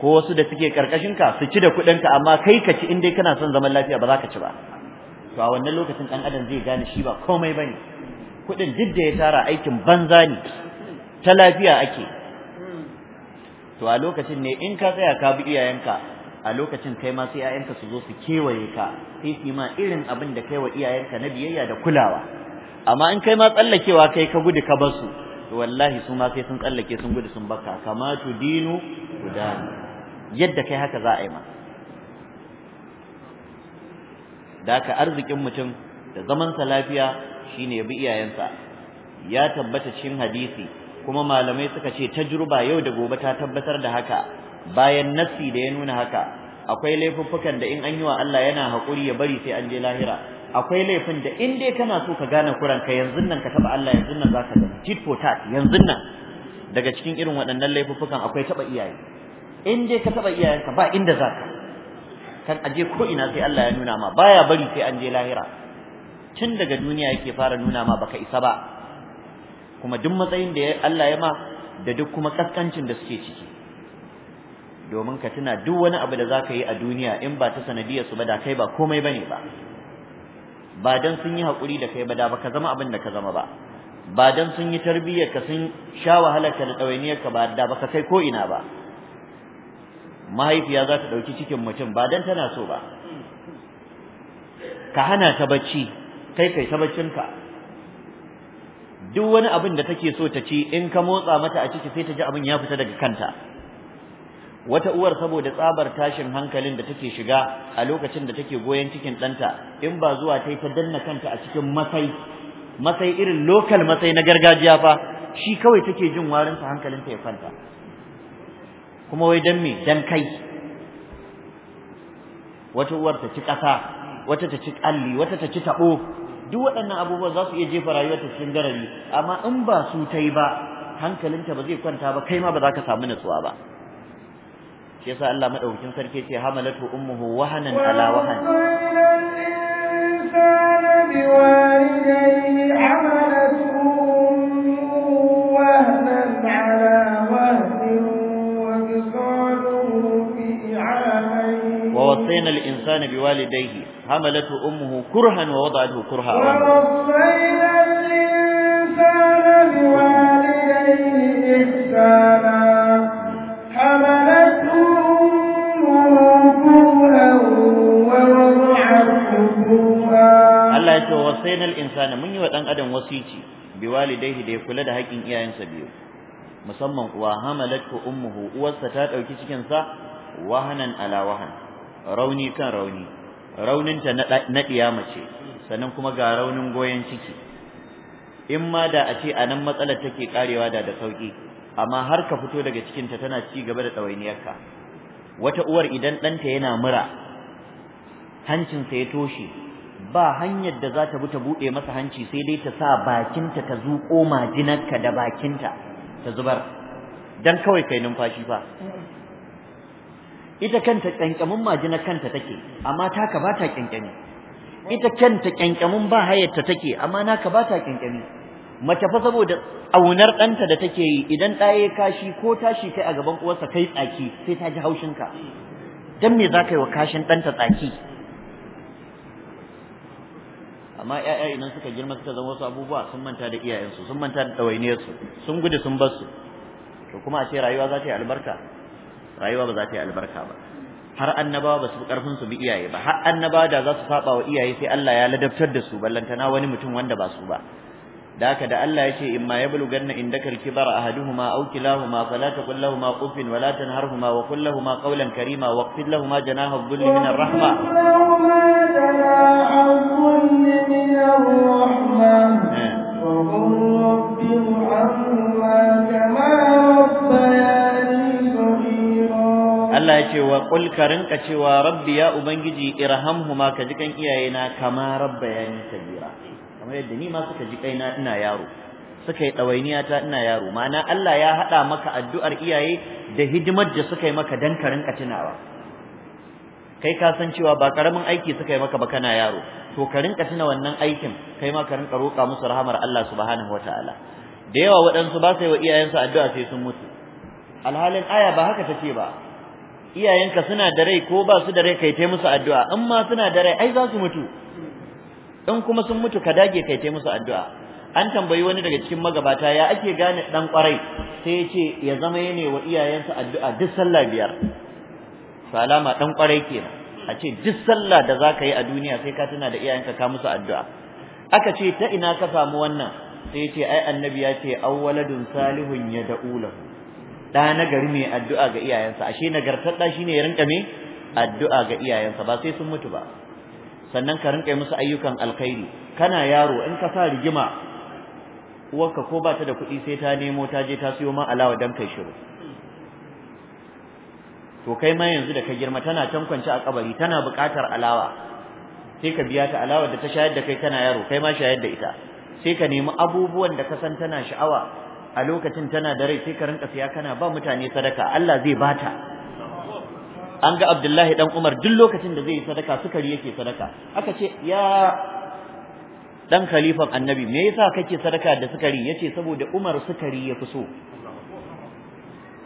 ko wasu da suke karkashin ka su ci da ka amma kai ka ci in dai kana son zaman lafiya ba za ka ci ba to a wannan lokacin ɗan adam zai gane shi ba komai ba ne kuɗin duk da ya tara aikin banza ne ta lafiya ake to a lokacin ne in ka tsaya ka bi iyayenka a lokacin kai ma sai iyayenka su zo su kewaye ka sai su ma irin abin da kai wa iyayenka na biyayya da kulawa amma in kai ma tsallakewa kai ka gudu ka basu to wallahi su ma sai sun tsallake sun gudu sun baka kamatu dinu guda yadda kai haka za a yi ma da ka arzikin mutum da zaman sa lafiya shine ya bi iyayensa ya tabbata cikin hadisi kuma malamai suka ce tajruba yau da gobe ta tabbatar da haka bayan nassi da ya nuna haka akwai laifuffukan da in an yi wa Allah yana haƙuri ya bari sai an je lahira akwai laifin da in dai kana so ka gane kuranka yanzu nan ka taba Allah yanzu nan zaka gani tit for tat yanzu nan daga cikin irin waɗannan laifuffukan akwai taba iyaye in dai ka taba iyayenka ba inda zaka kan aje ko ina sai Allah ya nuna ma baya bari sai an je lahira tun daga duniya yake fara nuna ma baka isa ba kuma duk matsayin da Allah ya ma da duk kuma kaskancin da suke ciki domin ka tuna duk wani abu da zaka yi a duniya in ba ta sanadiyar su ba da kai ba komai bane ba ba dan sun yi hakuri da kai ba da baka zama abin da ka zama ba ba dan sun yi tarbiyyar ka sun sha wahalar ka da ɗawainiyar ka ba da baka kai ko ina ba mahaifiya za ta ɗauki cikin mutum ba dan tana so ba ka hana ta bacci kai kai ta ka. duk wani abin da take so ta ci in ka motsa mata a ciki sai ta ji abin ya fita daga kanta wata uwar saboda tsabar tashin hankalin da take shiga a lokacin da take goyon cikin danta in ba zuwa ta ta danna kanta a cikin masai masai irin lokal masai na gargajiya fa shi kawai take jin hankalin hankalinta ya kwanta kuma wai dan me dan kai wata uwar ta ci ƙasa wata ta ci ƙalli wata ta ci taɓo duk waɗannan abubuwa za su iya jefa rayuwarta cikin garari amma in ba su ta yi ba hankalinta ba zai kwanta ba kai ma ba za ka samu natsuwa ba shi yasa Allah madaukakin sarki ce hamalatu ummuhu wahanan ala wahan ووصينا الإنسان بوالديه حملته أمه كرها ووضعته كرها ووصينا الإنسان بوالديه إحسانا ka wasaina insana mun yi wa dan adam wasici bi walidayhi da ya kula da haƙin iyayensa biyu musamman uwa hamalatu ummuhu uwarsa ta ɗauki cikin sa wahanan ala wahan rauni kan rauni rauninta na ɗiya mace sannan kuma ga raunin goyon ciki in ma da a ce anan matsalar take karewa da da sauki amma har ka fito daga cikinta tana ci gaba da tsawainiyarka wata uwar idan ɗanta yana mura hancinsa ya toshe ba hanyar da za ta bi ta buɗe masa hanci sai dai ta sa bakinta ta zuƙo majinarka da bakinta ta zubar don kawai kai numfashi fa ita kanta ƙanƙamin majinar kanta take amma taka ba ta ƙyanƙyami ita kanta ƙanƙamin ba hayarta take amma naka ba ta ƙyanƙyami mace fa saboda aunar ɗanta da take yi idan ɗaya kashi ko tashi kai a gaban uwarsa kai tsaki sai ta ji haushinka dan me za ka yi wa kashin ɗanta tsaki amma ƴaƴa idan suka girma suka zama wasu abubuwa sun manta da iyayensu sun manta da ɗawainiyarsu sun gudu sun bar su to kuma a ce rayuwa za ta yi albarka rayuwa ba za ta yi albarka ba har annabawa ba su fi karfin su bi iyaye ba har annabawa da za su saba wa iyaye sai Allah ya ladabtar da su ballantana wani mutum wanda ba su ba da haka da Allah yake in ma yablughanna indakal kibara ahaduhuma aw kilahuma fala taqul lahumu uffin wala tanharhuma wa qul lahumu qawlan karima waqfid lahumu janaha dhulli min ar-rahma eh. Allah ya ce wa ƙul ka rinka cewa rabbi ya ubangiji irhamhuma ka jikan iyayena kama rabbayani kabira kamar yadda ni ma suka ji kaina ina yaro suka yi dawainiya ta ina yaro ma'ana Allah ya haɗa maka addu'ar iyaye da hidimar da suka yi maka dan ka rinka tunawa kai ka san cewa ba karamin aiki suka yi maka ba kana yaro to ka rinka tuna wannan aikin kai ma ka rinka roƙa musu rahamar Allah subhanahu wataala da yawa waɗansu ba su yi wa iyayensu addu'a sai sun mutu alhalin aya ba haka take ba iyayenka suna da rai ko ba su da rai kai ta musu addu'a in ma suna da rai ai za su mutu in kuma sun mutu ka dage kai tai musu addu'a an tambayi wani daga cikin magabata ya ake gane dan kwarai sai ya ce ya zama yene wa iyayensa addu'a duk sallah biyar salama dan kwarai kenan a ce duk sallah da zaka yi a duniya sai ka tuna da iyayenka ka musu addu'a aka ce ta ina ka samu wannan sai ya ce ai annabi ya ce awwaladun salihun yad'u lahu da nagari mai addu'a ga iyayensa ashe nagartar da shine ya rinka me addu'a ga iyayensa ba sai sun mutu ba sannan ka rinka musu ayyukan alkhairi kana yaro in ka sa rigima uwarka ko ba ta da kuɗi sai ta nemo ta je ta siyo ma alawa dan kai shiru to kai ma yanzu da ka girma tana can kwance a kabari tana buƙatar alawa sai ka biya ta alawa da ta shayar da kai kana yaro kai ma shayar da ita sai ka nemi abubuwan da ka san tana sha'awa a lokacin tana da rai sai ka rinka siya kana ba mutane sadaka Allah zai bata an ga Abdullahi dan Umar duk lokacin da zai yi sadaka sukari yake sadaka aka ce ya dan khalifan annabi me yasa kake sadaka da sukari yace saboda Umar sukari ya so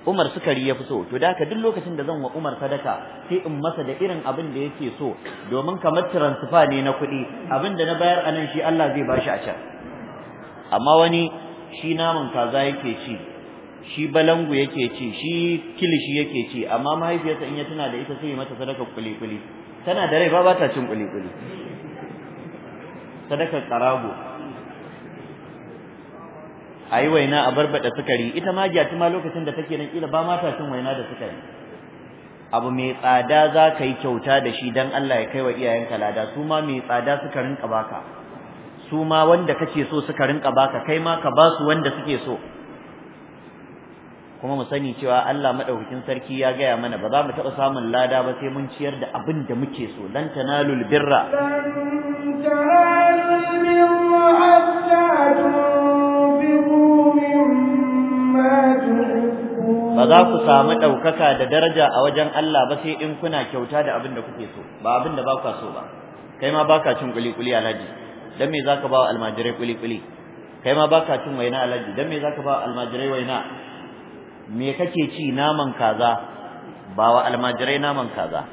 Umar sukari ya so to da haka duk lokacin da zan wa Umar sadaka sai in masa da irin abin da yake so domin kamar transfer ne na kuɗi abin da na bayar anan shi Allah zai bashi a can amma wani shi naman kaza yake ci shi balangu yake ci shi kilishi yake ci amma mahaifiyarsa in ya tuna da ita sai ya mata sadaka kulikuli tana da rai ba ba ta cin kulikuli sadakar karago ayi waina a barbada sukari ita ma gyati tuma lokacin da take nan kila ba ma ta cin waina da sukari abu mai tsada za ka yi kyauta da shi dan Allah ya kai wa iyayenka lada su ma mai tsada suka rinka baka su ma wanda kake so suka rinka baka kai ma ka ba su wanda suke so kuma mu sani cewa Allah madaukakin sarki ya gaya mana ba za mu taɓa samun lada ba sai mun ciyar da abin da muke so lan tanalul birra ba za ku samu ɗaukaka da daraja a wajen Allah ba sai in kuna kyauta da abin da kuke so ba abin da ba ku so ba kai ma baka cin kuli-kuli alhaji dan me zaka ba wa almajirai kuli-kuli kai ma baka cin waina alhaji dan me zaka ba wa almajirai waina me kake ci naman kaza ba wa almajirai naman kaza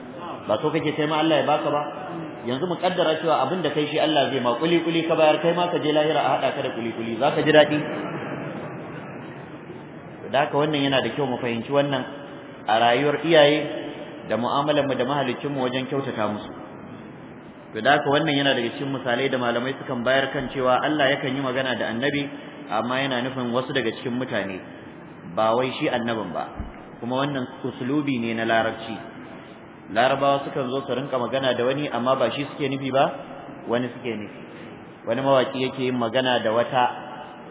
ba so kake kai ma Allah ya baka ba yanzu mu kaddara cewa abin da kai shi Allah zai ma kuli kuli ka bayar kai ma ka je lahira a hada ka da kuli kuli ka ji dadi da ka wannan yana da kyau mu fahimci wannan a rayuwar iyaye da mu'amalar mu da mahalicin mu wajen kyautata musu to da haka wannan yana daga cikin misalai da malamai sukan bayar kan cewa Allah yakan yi magana da annabi amma yana nufin wasu daga cikin mutane ba wai shi annabin ba kuma wannan uslubi ne na larabci larabawa sukan zo su rinka magana da wani amma ba shi suke nufi ba wani suke nufi wani mawaki yake yin magana da wata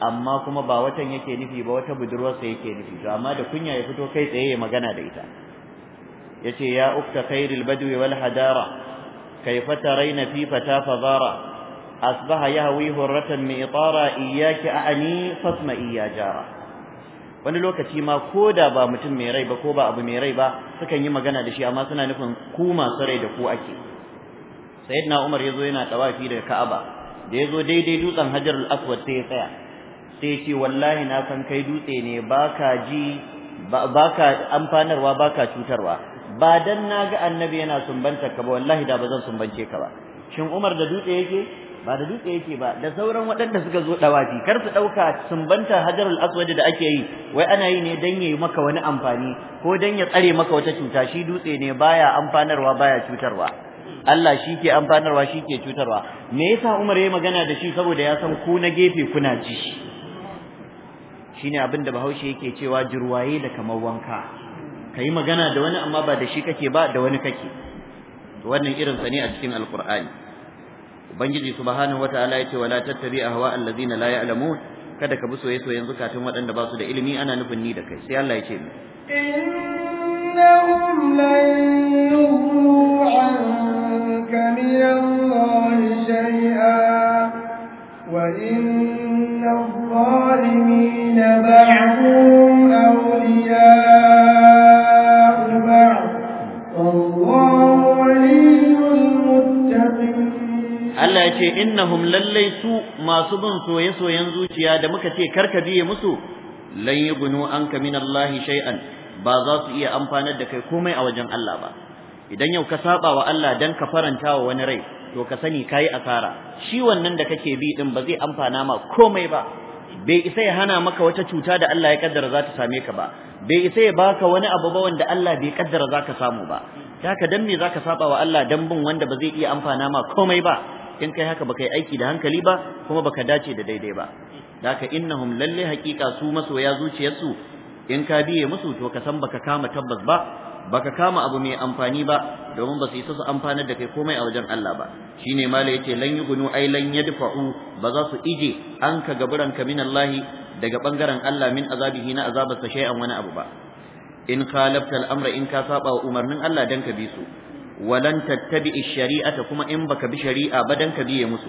amma kuma ba watan yake nufi ba wata budurwarsa yake nufi to amma da kunya ya fito kai tsaye ya magana da ita yace ya ukta khairil badwi wal hadara kayfa tarayna fi fata asbaha أصبح يهوي هرة مئطارا iyaki aani فاطمئي يا jara. wani lokaci ma ko da ba mutum mai rai ba ko ba abu mai rai ba sukan yi magana da shi amma suna nufin ku masu rai da ku ake sayyidina umar yazo yana tawafi daga ka'aba da yazo daidai dutsen hajarul aswad sai ya tsaya sai ce wallahi na san kai dutse ne baka ji baka amfanarwa baka cutarwa ba dan naga annabi yana sumbanta ka ba wallahi da bazan sumbance ka ba shin umar da dutse yake ba da dutse yake ba da sauran waɗanda suka zo dawafi kar su ɗauka sumbanta hajarul aswad da ake yi wai ana yi ne dan yayi maka wani amfani ko dan ya tsare maka wata cuta shi dutse ne baya amfanarwa baya cutarwa Allah shi ke amfanarwa shi ke cutarwa me yasa Umar yayi magana da shi saboda ya san ku na gefe kuna ji shine abin da Bahaushe yake cewa jirwaye da kamar wanka kai magana da wani amma ba da shi kake ba da wani kake wannan irin sa ne a cikin alqur'ani ubangiji subhanahu wataala yace wala tattabi ahwa allazina la ya'lamun kada ka bi soyayyen zukatun waɗanda ba su da ilimi ana nufin ni da kai sai Allah yace innahum lan yughnu min Allahi shay'a wa inna adh ba'dhum Allah ya ce innahum lallai su masu bin soyayyen soyen zuciya da muka ce karka biye musu lan yughnu anka min Allah shay'an ba za su iya amfanar da kai komai a wajen Allah ba idan yau ka saba wa Allah dan ka faranta wa wani rai to ka sani kai asara shi wannan da kake bi din ba zai amfana ma komai ba bai isa ya hana maka wata cuta da Allah ya kaddara za ta same ka ba bai isa ya baka wani abu ba wanda Allah bai kaddara za ka samu ba haka dan me zaka saba wa Allah dan bin wanda ba zai iya amfana ma komai ba in kai haka baka yi aiki da hankali ba kuma baka dace da daidai ba haka innahum lalle haqiqa su masoya zuciyarsu in ka biye musu to ka san baka kama tabbas ba baka kama abu mai amfani ba domin ba su isa su amfanar da kai komai a wajen Allah ba shine mala yace lan yugunu ai lan yadfa'u ba za su ije an ka gaburan ka min daga bangaren Allah min azabihi na azabarsa shay'an wani abu ba in khalafta al-amra in ka saba wa umarnin Allah dan ka bi su walan tattabi'i shari'ata kuma in baka bi shari'a ba dan ka biya musu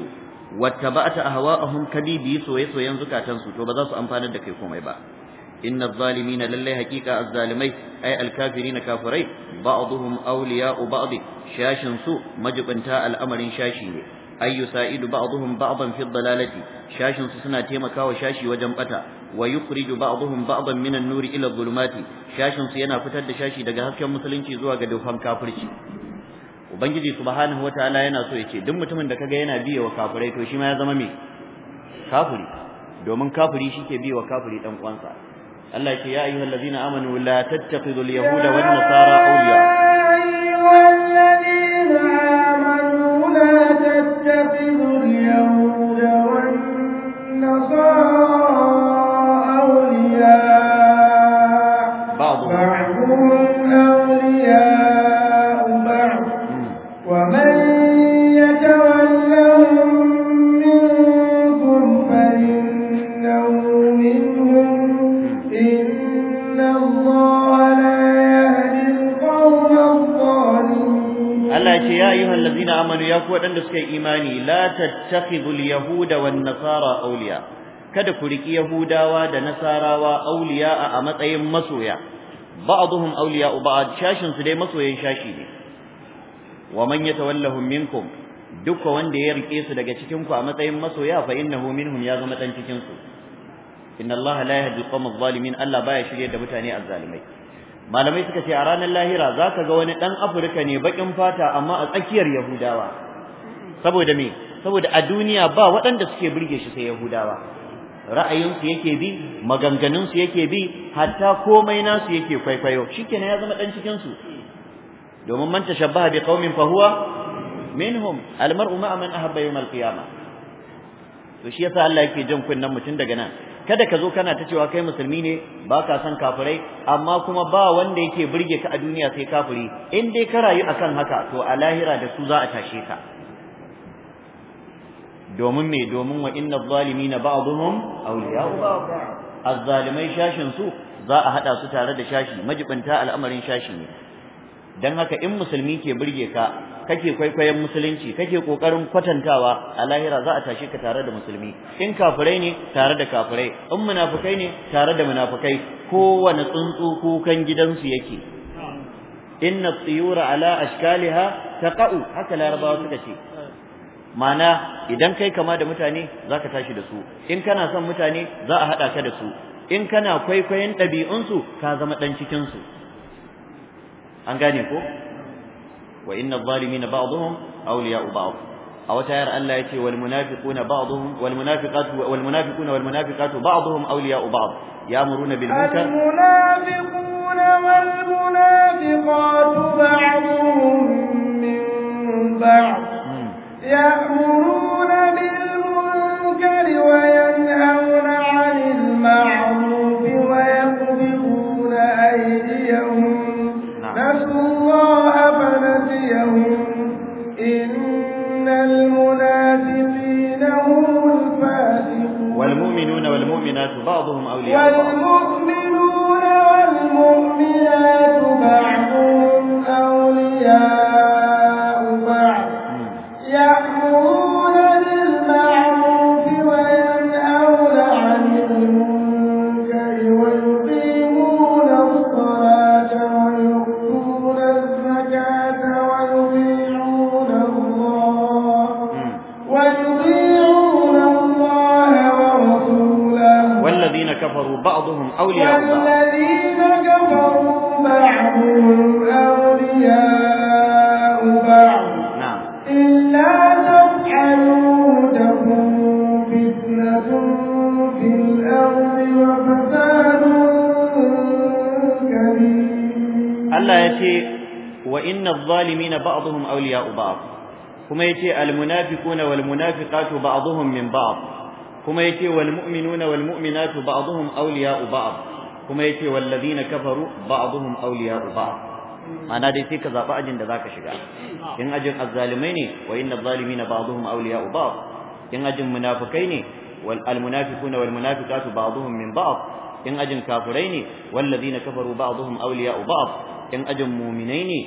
wattaba'ta ahwa'ahum kabi bi soye-soyen zukatan su to ba za su amfanar da kai komai ba inna na lallai haqiqa azzalimai ay alkafirina kafirai ba'dhum awliya'u ba'd shashin su majibinta al'amarin shashi ne ay Idu ba'dhum ba'dan fi dhalalati shashin suna taimakawa shashi wajen bata wa yukhriju ba'dhum ba'dan min an-nuri ila dhulumati shashin su yana fitar da shashi daga hasken musulunci zuwa ga dufan kafurci. ubangiji subhanahu wataala yana so ya ce duk mutumin da kaga yana biye wa kafirai to shi ma ya zama me kafiri domin kafiri shike biye wa kafiri dan uwansa Allah ce ya ayyuhal ladina amanu la tattakhidul yahuda wan nasara awliya nasara waɗanda suka yi imani la tattakhidul yahuda wan nasara awliya kada ku riki yahudawa da nasarawa awliya a matsayin masoya ba'dhum awliya ba'd shashin su dai masoyan shashi ne wa man yatawallahum minkum duk wanda ya rike su daga cikin ku a matsayin masoya fa innahu minhum ya zama dan cikin su inna Allah la yahdi al-qawma Allah baya shirye da mutane azzalimai malamai suka ce a ranar lahira za ka ga wani ɗan afirka ne baƙin fata amma a tsakiyar yahudawa saboda me saboda a duniya ba waɗanda suke burge shi sai yahudawa ra'ayinsu yake bi maganganunsu yake bi hatta komai nasu yake kwaikwayo shikenan ya zama ɗan cikin su domin man tashabbaha bi qaumin fa huwa minhum almar'u ma'a man ahabba yawm alqiyamah to shi yasa Allah yake jin kunnan mutun daga nan kada ka zo kana ta cewa kai musulmi ne ba ka san kafirai amma kuma ba wanda yake burge ka a duniya sai kafiri in dai ka rayu akan haka to a lahira da su za a tashe ka domin me domin wa inna zalimin ba'dhum awliya az adh shashin su za a hada su tare da shashi majibinta al'amarin shashi ne dan haka in musulmi ke burge ka kake kwaikwayon musulunci kake kokarin kwatantawa a lahira za a tashi ka tare da musulmi in kafirai ne tare da kafirai in munafukai ne tare da munafukai kowane tsuntsu kukan gidansu yake inna tsiyura ala ashkaliha taqa'u haka larabawa suka ce mana idan kai kama da mutane zaka tashi da su in kana son mutane za a hada ka da su in kana dabi'un su ka zama dan cikin su an gane ko wa inna zalimina ba'dhum awliya'u ba'd aw tayar Allah yace wal munafiquna ba'dhum wal munafiqatu wal munafiquna wal munafiqatu ba'dhum awliya'u ba'd ya'muruna bil munkar al munafiquna wal munafiqatu ba'dhum min ba'd يأمرون بالمنكر وينهون عن المعروف ويقبضون أيديهم نعم. نسوا الله فنسيهم إن المنافقين هم الفاسقون والمؤمنون والمؤمنات بعضهم أولياء بعض kuma yace almunafiquna walmunafiqatu ba'dhum min ba'd kuma yace walmu'minuna walmu'minatu ba'dhum awliya'u ba'd kuma yace wallazina kafaru ba'dhum awliya'u ba'd ana dai sai ka zaba ajin da zaka shiga in ajin azzalimai ne wa inna adh-dhalimina ba'dhum awliya'u ba'd in ajin munafikai ne wal almunafiquna walmunafiqatu ba'dhum min ba'd in ajin kafirai ne wallazina kafaru ba'dhum awliya'u ba'd in ajin mu'minai ne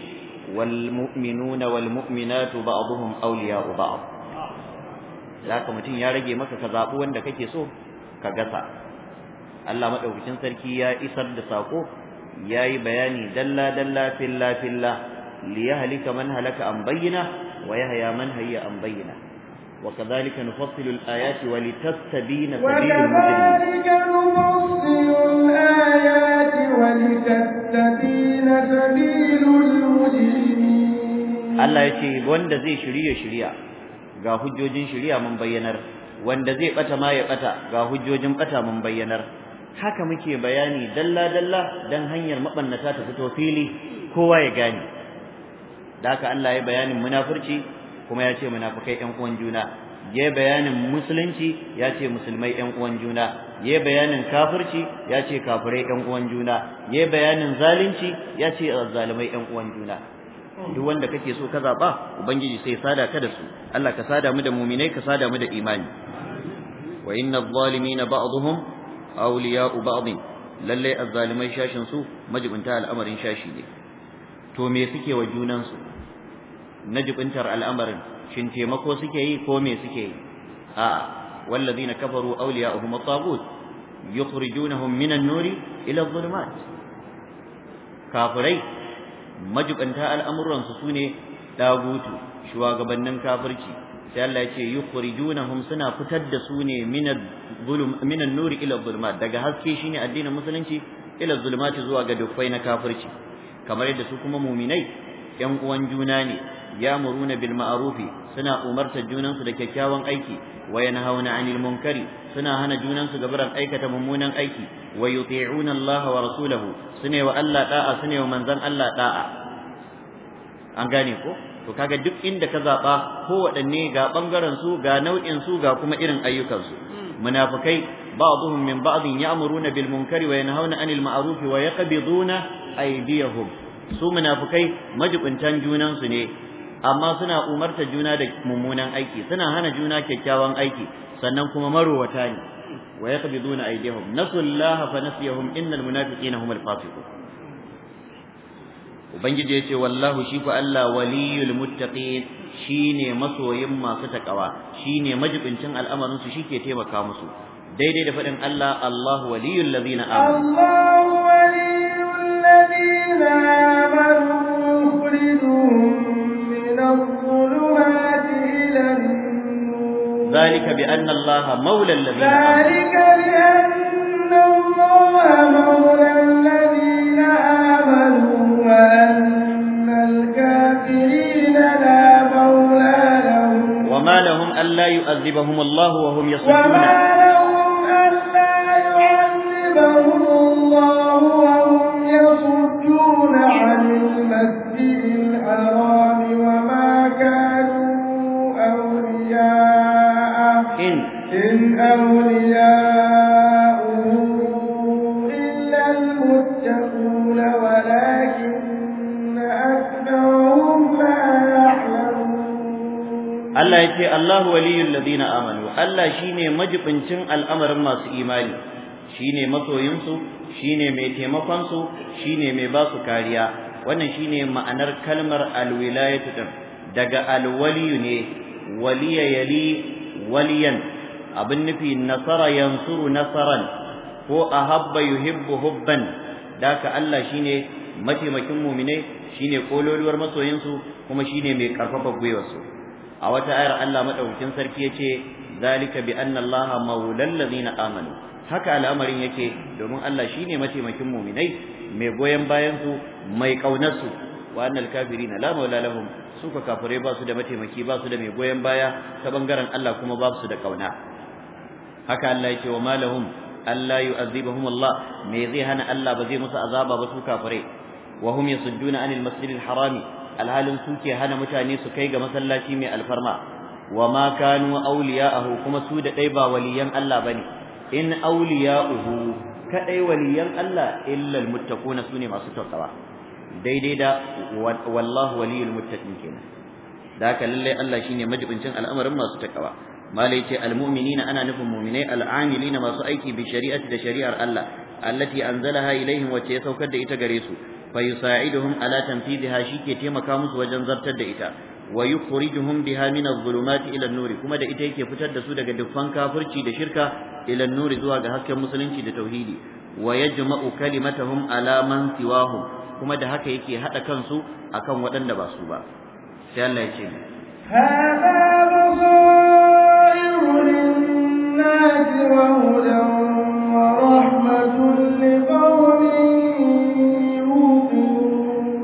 والمؤمنون والمؤمنات بعضهم أولياء بعض لك متين يا رجي ما كذابو عند كيسو كجسا الله ما توقف كي يا إسر دساقو يا بياني دلا دلا في الله في الله ليهلك من هلك أم بينه ويهيا من هي أم بينه وكذلك نفصل الآيات ولتستبين سبيل المجرمين وكذلك نفصل الآيات allah ya ce wanda zai shirya shirya ga hujjojin shirya mun bayyanar wanda zai bata ma ya bata ga hujjojin bata mun bayyanar haka muke bayani dalla dalla dan hanyar mabannata ta fito fili kowa ya gane da Allah ya bayanin munafurci kuma ya ce munafukai ɗan uwan juna ya bayanin musulunci ya ce musulmai ɗan uwan juna ya bayanin kafirci ya ce kafirai ɗan uwan juna ya bayanin zalunci ya ce zalimai ɗan uwan juna duk wanda kake so ka zaɓa, ubangiji sai sada ka da su Allah ka sada mu da mu'minai ka sada mu da imani wa inna adh-dhalimina ba'dhum awliya'u ba'd lalle azzalimai shashin su majibinta al'amarin shashi ne to me suke wa junan su najibintar al'amarin shin taimako suke yi ko me suke yi a wallazina kafaru awliya'uhum at-taghut yukhrijunahum minan nuri ila adh-dhulumat kafirai majubanta al'amuran su sune dagutu shugabannin kafirci sai Allah ya ce yukhrijunahum suna fitar da su ne minan nuri ila adh-dhulumat daga haske shine addinin musulunci ila adh zuwa ga dukkan na kafirci kamar yadda su kuma muminai yan uwan juna ne ya'muruna bil ma'ruf suna umartar junansu da kyakkyawan aiki wa yanhauna 'anil munkari suna hana junansu gabaran aikata mummunan aiki wa yuti'una Allah wa rasulahu sune wa Allah da'a sune wa manzon Allah da'a an gane ko to kaga duk inda ka zaba ko waɗanne ga bangaren su ga nau'in su ga kuma irin ayyukan su munafikai ba'dhum min ba'dhin ya'muruna bil munkari wa yanhauna 'anil ma'ruf wa yaqbiduna aydiyahum su munafikai majibuntan junansu ne amma suna umarta juna da mummunan aiki suna hana juna kyakkyawan aiki sannan kuma marowata ne wa yaqbiduna aydihum nasullaha fa nasiyahum innal munafiqina humul fasiqun ubangiji yace wallahu shi fa Allah waliyul muttaqin shine masoyin masu takawa shine majibincin al'amarin su shike taimaka musu daidai da fadin Allah Allahu waliyul ladina amanu Allahu waliyul ladina amanu yukhrijuhum الظلمات إلى النور ذلك بأن الله مولى الذين ذلك بأن الله مولى الذين آمنوا وأن الكافرين لا مولى لهم وما لهم ألا يؤذبهم الله وهم يصدون وما لهم ألا يعذبهم الله وهم يصدون عن المسجد الحرام إن إن أولياؤه إلا المتقون ولكن أكثرهم لا يعلمون الله يتي الله ولي الذين آمنوا الله شيني مجبنشن الأمر ما إيماني شيني مطوينسو shine mai taimakon su shine mai ba su kariya wannan shine ma'anar kalmar alwilayatu din daga alwaliyu ne waliya yali waliyan abin nufi nasara yansuru nasaran ko ahabba yuhibbu hubban daka Allah shine mataimakin mu'mine shine kololuwar masoyinsu kuma shine mai karfafa gwiwarsu a wata ayar Allah madaukakin sarki yace zalika bi anna Allah maulal ladina amanu haka al'amarin yake domin Allah shine mataimakin mu'minai mai goyen bayansu mai ƙaunarsu, su wa annal kafirina la maula lahum su ka kafirai ba su da mataimaki ba su da mai goyon baya ta bangaren Allah kuma ba su da kauna haka Allah yake wa malahum Allah yu'azibahum Allah me zai hana Allah ba zai musu azaba ba su kafirai wa hum yasudduna anil masjidil harami alhalin su ke hana mutane su kai ga masallaci mai alfarma wa ma kanu awliya'ahu kuma su da dai ba waliyan Allah bane in awliya'uhu kadai waliyan Allah illa almuttaquna sune masu takawa daidai da wallahu waliyul muttaqin kenan da haka lalle Allah shine majibincin al'amarin masu takawa malai ce almu'minina ana nufin mu'minai al'amilina masu aiki bi shari'ati da shari'ar Allah allati anzalaha ilaihim wacce ya saukar da ita gare su fa yusa'iduhum ala tanfidha shike taimaka musu wajen zartar da ita wa yukhrijuhum biha min adh-dhulumati ila an-nur kuma da ita yake fitar da su daga dukkan kafirci da shirka ila an-nur zuwa ga hasken musulunci da tauhidi wa yajma'u kalimatahum ala man siwahum kuma da haka yake hada kansu akan waɗanda ba su ba sai Allah ya ce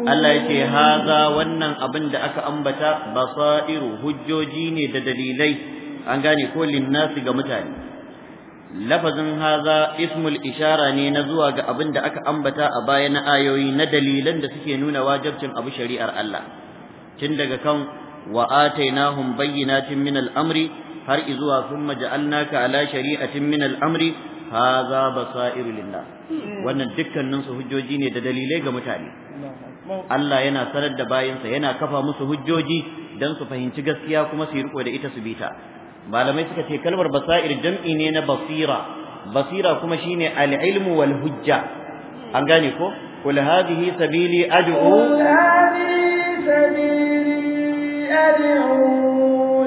Allah ya ce haza wannan abin da aka ambata basairu hujjoji ne da dalilai an gane ko linnasi ga mutane lafazin haza ismul ishara ne na zuwa ga abin da aka ambata a baya na ayoyi na dalilan da suke nuna wajabcin abu shari'ar Allah tun daga kan wa atainahum bayyinatin min al-amri har izuwa thumma ja'alnaka ala shari'atin min al-amri haza basairu lillah wannan dukkanin su hujjoji ne da dalilai ga mutane Allah yana sanar da bayinsa yana kafa musu hujjoji dan su fahimci gaskiya kuma su yi riko da ita su bita malamai suka ce kalmar basair jam'i ne na basira basira kuma shine al-ilmu wal hujja an gane ko qul hadhihi sabili ad'u hadhihi sabili ad'u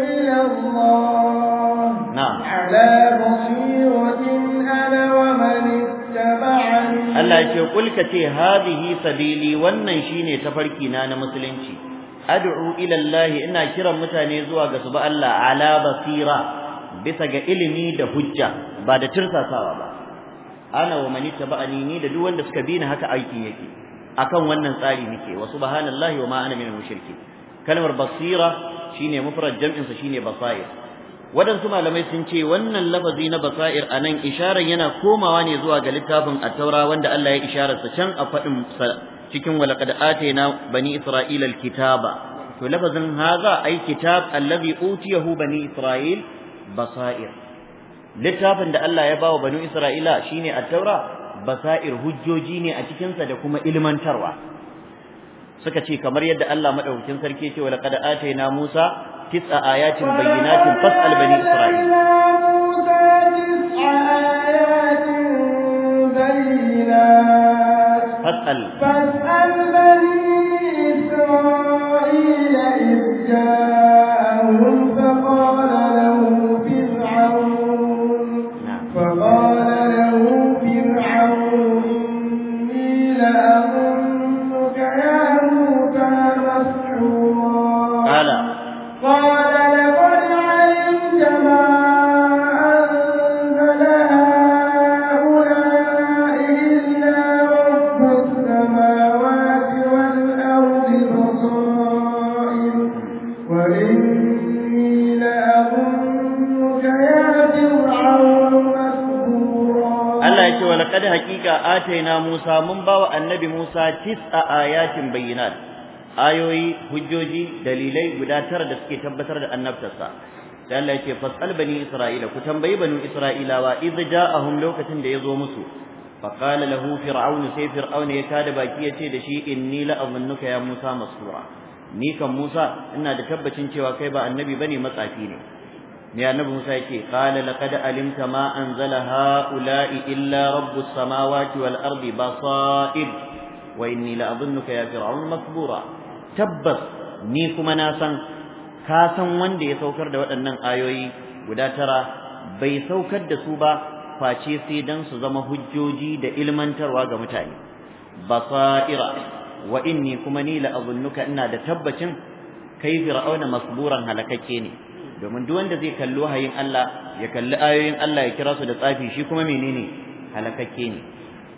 ila Allah na'am ala basiratin ana wa man ittaba'ani Allah ya ce qul ka ce hadhihi sabili wannan shine tafarki na na musulunci ad'u ila Allah ina kiran mutane zuwa ga suba Allah ala basira bisa ga ilimi da hujja ba da tirsasawa ba ana wa mani taba'ani ni da duk wanda suka bi ni haka aiki yake akan wannan tsari nake wa subhanallahi wa ma ana minal mushriki kalmar basira shine mufrad jam'in sa shine basair Waɗansu malamai sun ce wannan lafazi na basair anan isharar yana komawa ne zuwa ga littafin at-taura wanda Allah ya isharar sa can a fadin cikin walaqad atayna bani isra'ila alkitaba to lafazin haza ai kitab allazi utiyahu bani isra'il basair littafin da Allah ya bawa bani isra'ila shine at-taura basair hujjoji ne a cikin sa da kuma ilmantarwa suka ce kamar yadda Allah madaukakin sarki ce walaqad atayna musa tis'a ayatin bayyinatin fas'al bani isra'il فاسأل فاسأل بني إسرائيل إذ جاءهم فقال haƙiƙa ataina Musa mun bawa annabi Musa tis'a ayatin bayyinat ayoyi hujjoji dalilai guda tara da suke tabbatar da annabtarsa da Allah yake fasal bani Isra'ila ku tambayi bani Isra'ilawa idh ja'ahum lokacin da yazo musu faqala lahu fir'aunu sai fir'aun ya kada baki yace da shi inni la'amunnuka ya Musa masura ni kan Musa ina da tabbacin cewa kai ba annabi bane matsafi ne me annabi Musa yake qala laqad alimta ma anzala haula'i illa rabbus samawati wal ardi basair wa inni la ya fir'aun makbura tabbas ni kuma na san ka san wanda ya saukar da waɗannan ayoyi guda tara bai saukar da su ba face sai dan su zama hujjoji da ilmantarwa ga mutane basaira wa inni kuma ni la ina da tabbacin kai fir'auna makburan halakake ne domin duk wanda zai kalli wahayin Allah ya kalli ayoyin Allah ya kira su da tsafi shi kuma menene halakakke ne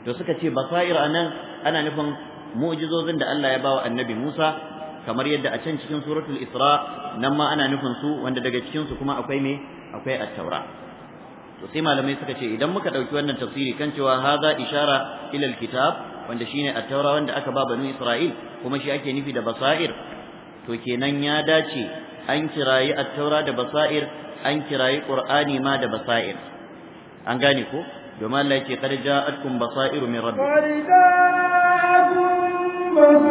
to suka ce basair anan ana nufin mu'jizozin da Allah ya bawa annabi Musa kamar yadda a can cikin suratul Isra nan ma ana nufin su wanda daga cikin su kuma akwai me akwai at-taura to sai malamai suka ce idan muka dauki wannan tafsiri kan cewa hadha ishara ila al-kitab wanda shine at-taura wanda aka ba banu Isra'il kuma shi ake nufi da basair to kenan ya dace an kirayi at da basair an kirayi qur'ani ma da basair an gane ku. domin Allah yake qad ja'atkum basairu min rabbikum qad ja'atkum basairu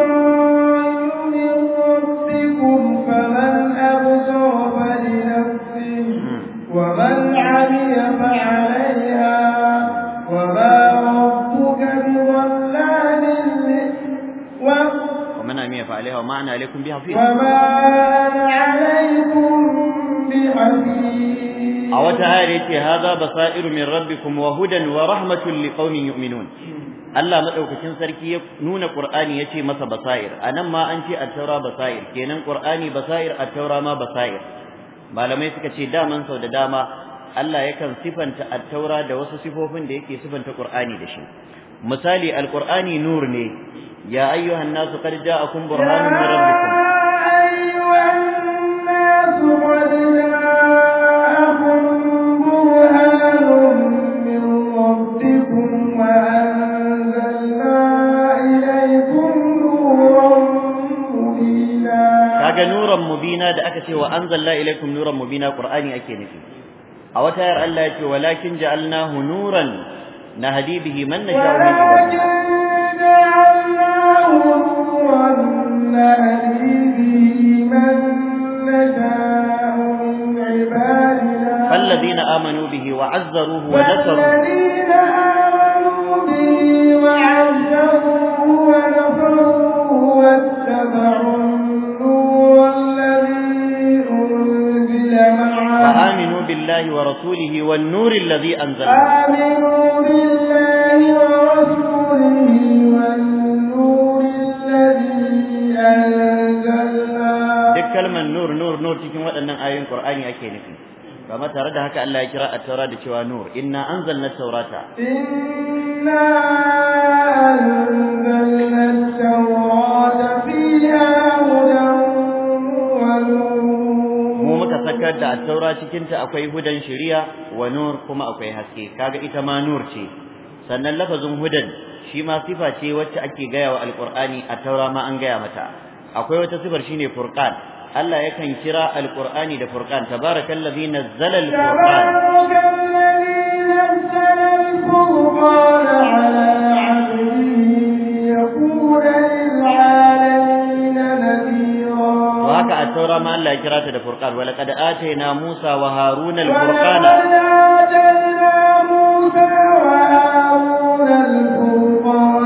min rabbikum faman absara falinafsihi hmm. wa man 'amila fa'alayha wa ma نعمي فعليها وما أنا عليكم بحفيظ وما أنا عليكم بحفيظ أو تعالى هذا بصائر من ربكم وهدى Allah maɗaukacin sarki ya nuna Qur'ani ce masa basair nan ma an ce at-taura basair kenan Qur'ani basair Attaura taura ma basair malamai suka ce daman sau da dama Allah yakan sifanta at-taura da wasu sifofin da yake sifanta Qur'ani da shi misali al-Qur'ani nur ne Ya أيها الناس قد جاءكم برهان من ربكم da aka ce wa anzalla ilaikum nuran mubina qur'ani ake nufi a wata ayar Allah yake walakin ja'alnahu nuran nahdi bihi man nasha'u min فالذين آمنوا به وعزروه ونصروا فالذين آمنوا به وعزروه ونصروه واتبعوا النور الذي أنزل معه فآمنوا بالله ورسوله والنور الذي أنزل آمنوا بالله ake nufi tare da haka Allah ya kira at-taura da cewa nur inna anzalna at-taurata inna anzalna at-taurata fiha hudan wa nur mu muka saka da at-taura cikin ta akwai hudan shari'a wa nur kuma akwai haske kaga ita ma nur ce sannan lafazin hudan shi ma sifa ce wacce ake gaya wa al-qur'ani at-taura ma an gaya mata akwai wata sifar shine furqan Allah yakan kira alqur'ani da furqan tabarakallazi nazzala alqur'an tabarakallazi nazzala alqur'an ala abdihi yakuna wa haka ya kira ta da furqan wa laqad Musa wa Haruna alqur'ana wa atayna Musa wa alqur'ana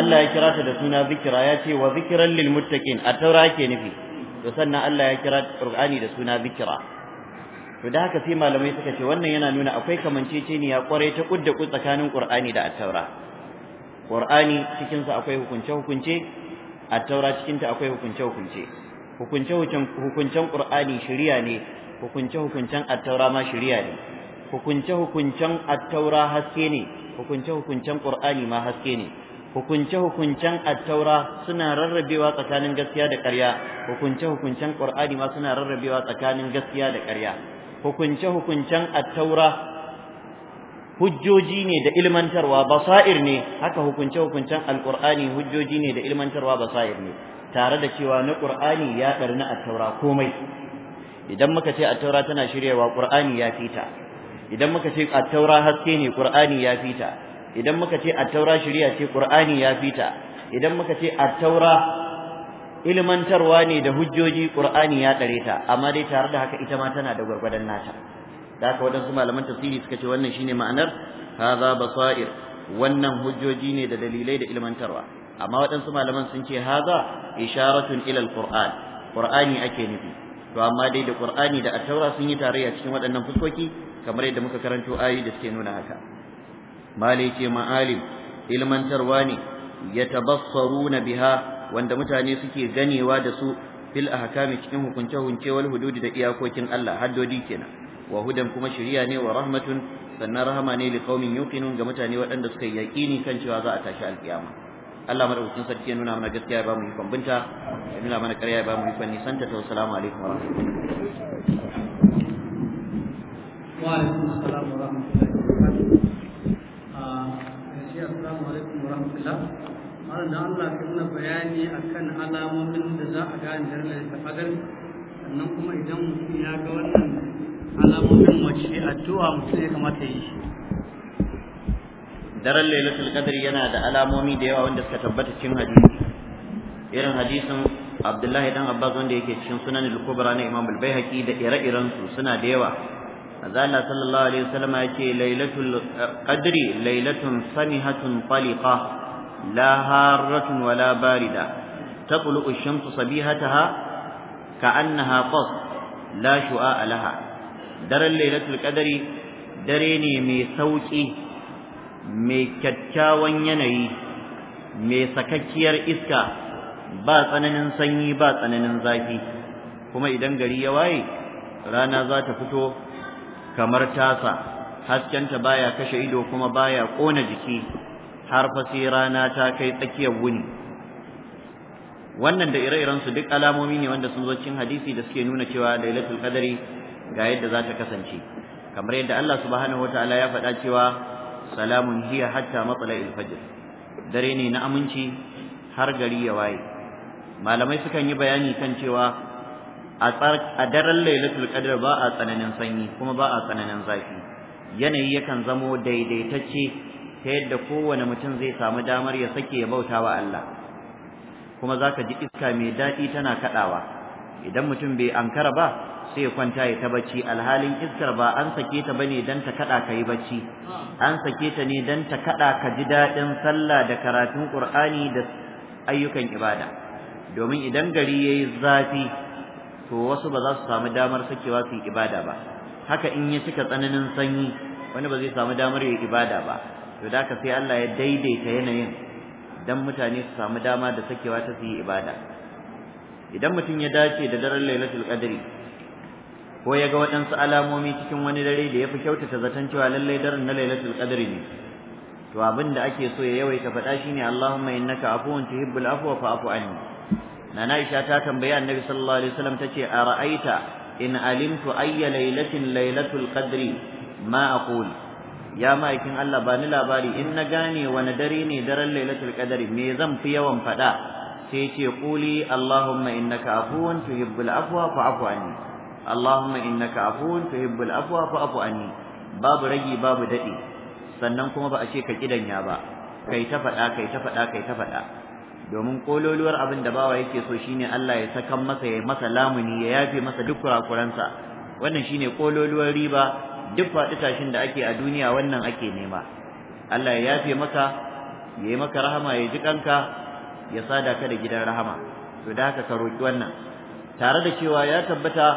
Allah ya kira ta da suna zikira ya ce wa zikiran lil muttaqin a taura ke nufi to sannan Allah ya kira Qur'ani da suna zikira to da haka sai malamai suka ce wannan yana nuna akwai kamanceceniya kwarai ta kudda ku tsakanin Qur'ani da at-taura Qur'ani cikin sa akwai hukunce hukunce at-taura cikin ta akwai hukunce hukunce hukunce hukuncen Qur'ani shari'a ne hukunce hukuncen at-taura ma shari'a ne hukunce hukuncen at-taura haske ne hukunce hukuncen Qur'ani ma haske ne hukunce-hukuncen attaura suna rarrabewa tsakanin gaskiya da ƙarya hukunce-hukuncen ƙur'ani ma suna rarrabewa tsakanin gaskiya da ƙarya hukunce-hukuncen attaura hujjoji ne da ilmantarwa basair ne haka hukunce-hukuncen alƙur'ani hujjoji ne da ilmantarwa basair ne tare da cewa na ƙur'ani ya ɗari na attaura komai idan muka ce attaura tana shiryawa ƙur'ani ya fita idan muka ce attaura haske ne ƙur'ani ya fita idan muka ce at-taura shari'a ce qur'ani ya fita idan muka ce at-taura ilmantarwa ne da hujjoji qur'ani ya dare ta amma dai tare da haka ita ma tana da gurgurdan nata da haka wadansu malaman tafsiri suka ce wannan shine ma'anar hadha basair wannan hujjoji ne da dalilai da ilmantarwa amma wadansu malaman sun ce hadha isharatun ila al-qur'an qur'ani ake nufi to amma dai da qur'ani da at-taura sun yi tarayya cikin waɗannan fuskoki kamar yadda muka karanto ayoyi da suke nuna haka mali ce ma'alim ilmantarwa ne ya na biha wanda mutane suke ganewa da su fil ahkami cikin hukunce hukunce wal hududi da iyakokin Allah haddodi kenan wa hudan kuma shari'a ne wa rahmatun sannan rahama ne li qaumin yuqinun ga mutane waɗanda suka yi yaqini kan cewa za a tashi alkiyama Allah madaukakin sarki ya nuna mana gaskiya ya ba mu ikon binta ya nuna mana ƙarya ya ba mu ikon nisanta ta assalamu alaikum wa rahmatullahi wa alaikum assalam wa rahmatullahi malam da Allah ka nuna bayani akan alamomin da za a gane darajar ta fadar sannan kuma idan mutum ya ga wannan alamomin wace addu'a mutum ya kamata yi daren lailatul qadr yana da alamomi da yawa wanda suka tabbata cikin hadisi irin hadisin Abdullahi dan Abbas wanda yake cikin Sunan al-Kubra na Imam al-Baihaqi da ire-iren su suna da yawa azalla sallallahu alaihi wasallam ya ce lailatul eh, qadri lailatun samihatun taliqa لا هارة ولا باردة تطلع الشمس صبيحتها كأنها قص لا شعاء لها در ليلة القدر دريني مي سوكي مي كتكاوان يني مي سككير إسكا ba tsananin sanyi ba tsananin zafi kuma idan gari ya waye rana za ta fito kamar tasa haskenta baya kashe ido kuma baya kona jiki har fa sai rana ta kai tsakiyar wuni wannan da ire-iren su duk alamomi ne wanda sun zo cikin hadisi da suke nuna cewa lailatul qadari ga yadda za ta kasance kamar yadda Allah subhanahu wataala ya faɗa cewa salamun hiya hatta matla'il fajr dare ne na aminci har gari ya waye malamai sukan yi bayani kan cewa a daren lailatul qadr ba a tsananin sanyi kuma ba a tsananin zafi yanayi yakan zamo daidaitacce ta yadda kowane mutum zai samu damar ya sake ya bauta wa Allah kuma zaka ji iska mai daɗi tana kaɗawa idan mutum bai ankara ba sai ya kwanta ya ta bacci alhalin iskar ba an sake ta bane dan ta kaɗa ka yi bacci an sake ta ne dan ta kaɗa ka ji daɗin sallah da karatun Qur'ani da ayyukan ibada domin idan gari yayi zafi to wasu ba za su samu damar sakewa su yi ibada ba haka in ya cika tsananin sanyi wani ba zai samu damar yi ibada ba to da ka sai Allah ya daidaita yanayin dan mutane su samu dama da sakewa ta su yi ibada idan mutum ya dace da daren lailatul qadri ko ya ga waɗansu alamomi cikin wani dare da ya fi kyautata zaton cewa lallai daren na lailatul qadri ne to abin da ake so ya yawaita faɗa shine Allahumma innaka afuwun tuhibbul afwa fa'fu anni nana Aisha ta tambayi Annabi sallallahu alaihi wasallam tace ara'aita in alimtu ayya lailatin lailatul qadri ma aqulu ya ma'aikin Allah ba ni labari in na gane wani dare ne daren lailatul qadari me zan fi yawan faɗa sai ce quli allahumma innaka afuwun tuhibbul afwa fa'fu anni allahumma innaka afuwun tuhibbul afwa fa'fu anni babu ragi babu dadi sannan kuma ba a ce ka kidanya ba kai ta faɗa kai ta faɗa kai ta faɗa domin kololuwar abin da bawa yake so shine Allah ya saka masa ya masa lamuni ya yafe masa duk kurakuransa wannan shine kololuwar riba duk faɗi tashin da ake a duniya wannan ake nema Allah ya yafe maka ya maka rahama ya ji kanka ya sada ka da gidan rahama to da haka ka roki wannan tare da cewa ya tabbata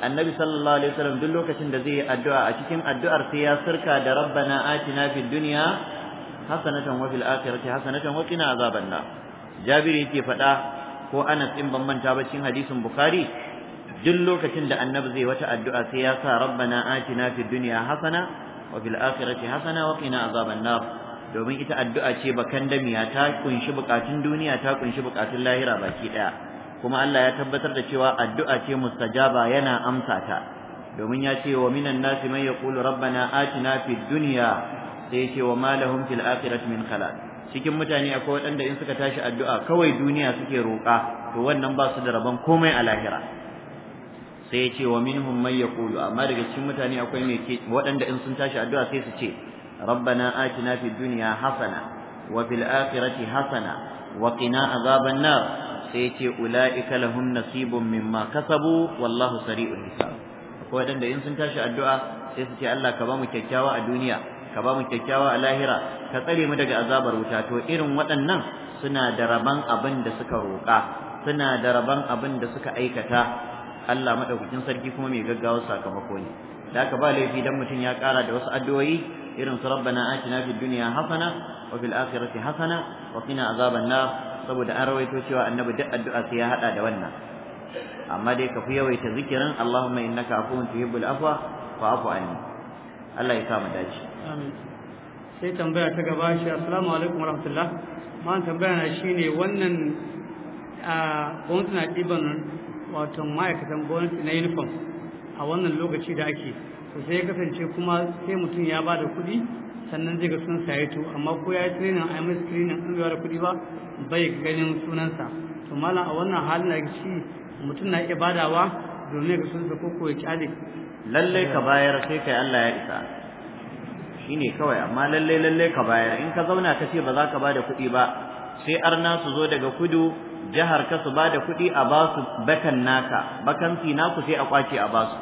annabi sallallahu alaihi wasallam duk lokacin da zai yi addu'a a cikin addu'ar sai ya sirka da rabbana atina fid dunya hasanatan wa fil akhirati hasanatan wa qina azabannar jabiri yake faɗa ko anas sin ban manta ba cikin hadisin bukhari duk lokacin da annabi zai wata addu'a sai ya sa rabbana atina fid dunya hasana wa fil akhirati hasana wa qina azaban nar domin ita addu'a ce bakandamiya ta kunshi bukatun duniya ta kunshi bukatun lahira baki daya kuma Allah ya tabbatar da cewa addu'a ce mustajaba yana amsa ta domin ya ce wa minan nasi man yaqulu rabbana atina fi dunya sai ce wa ma fil akhirati min khalaq cikin mutane akwai waɗanda in suka tashi addu'a kawai duniya suke roƙa to wannan ba su da rabon komai a lahira sai ya ce wa minhum man yaqulu amma daga cikin mutane akwai mai ke waɗanda in sun tashi addu'a sai su ce rabbana atina fid dunya hasana wa fil akhirati hasana wa qina azaban nar sai ya ce ulaika lahum nasibun mimma kasabu wallahu sari'ul hisab akwai waɗanda in sun tashi addu'a sai su ce Allah ka ba mu kyakkyawa a duniya ka ba mu kyakkyawa a lahira ka tsare mu daga azabar wuta to irin waɗannan suna da rabon abin da suka roƙa suna da rabon abin da suka aikata Allah madaukakin sarki kuma mai gaggawa sakamako ne da haka ba laifi dan mutum ya kara da wasu addu'o'i irin su rabbana atina fid dunya hasana wa fil akhirati hasana wa qina azaban nar saboda an rawaito cewa annabi duk addu'a sai ya hada da wannan amma dai ka fi yawaita zikirin Allahumma innaka afuwun tuhibbul afwa fa'fu anni Allah ya sa mu dace amin sai tambaya ta gaba shi assalamu alaikum warahmatullah ma tambaya na shine wannan a gwamnati na ɗiban wato ma'aikatan gwamnati na uniform a wannan lokaci da ake to sai ya kasance kuma sai mutum ya ba da kuɗi sannan zai ga sun saye to amma ko ya yi training a yi mai screening an da kuɗi ba bai ganin sunansa to malam a wannan halin da shi mutum na iya badawa domin ga sunansa ko ko ya kyale lallai ka bayar sai kai Allah ya isa shine kawai amma lallai lallai ka bayar in ka zauna ka ce ba za ka ba da kuɗi ba sai arna su zo daga kudu jihar ka su bada kuɗi a basu bakan naka bakansi naku sai a kwace a basu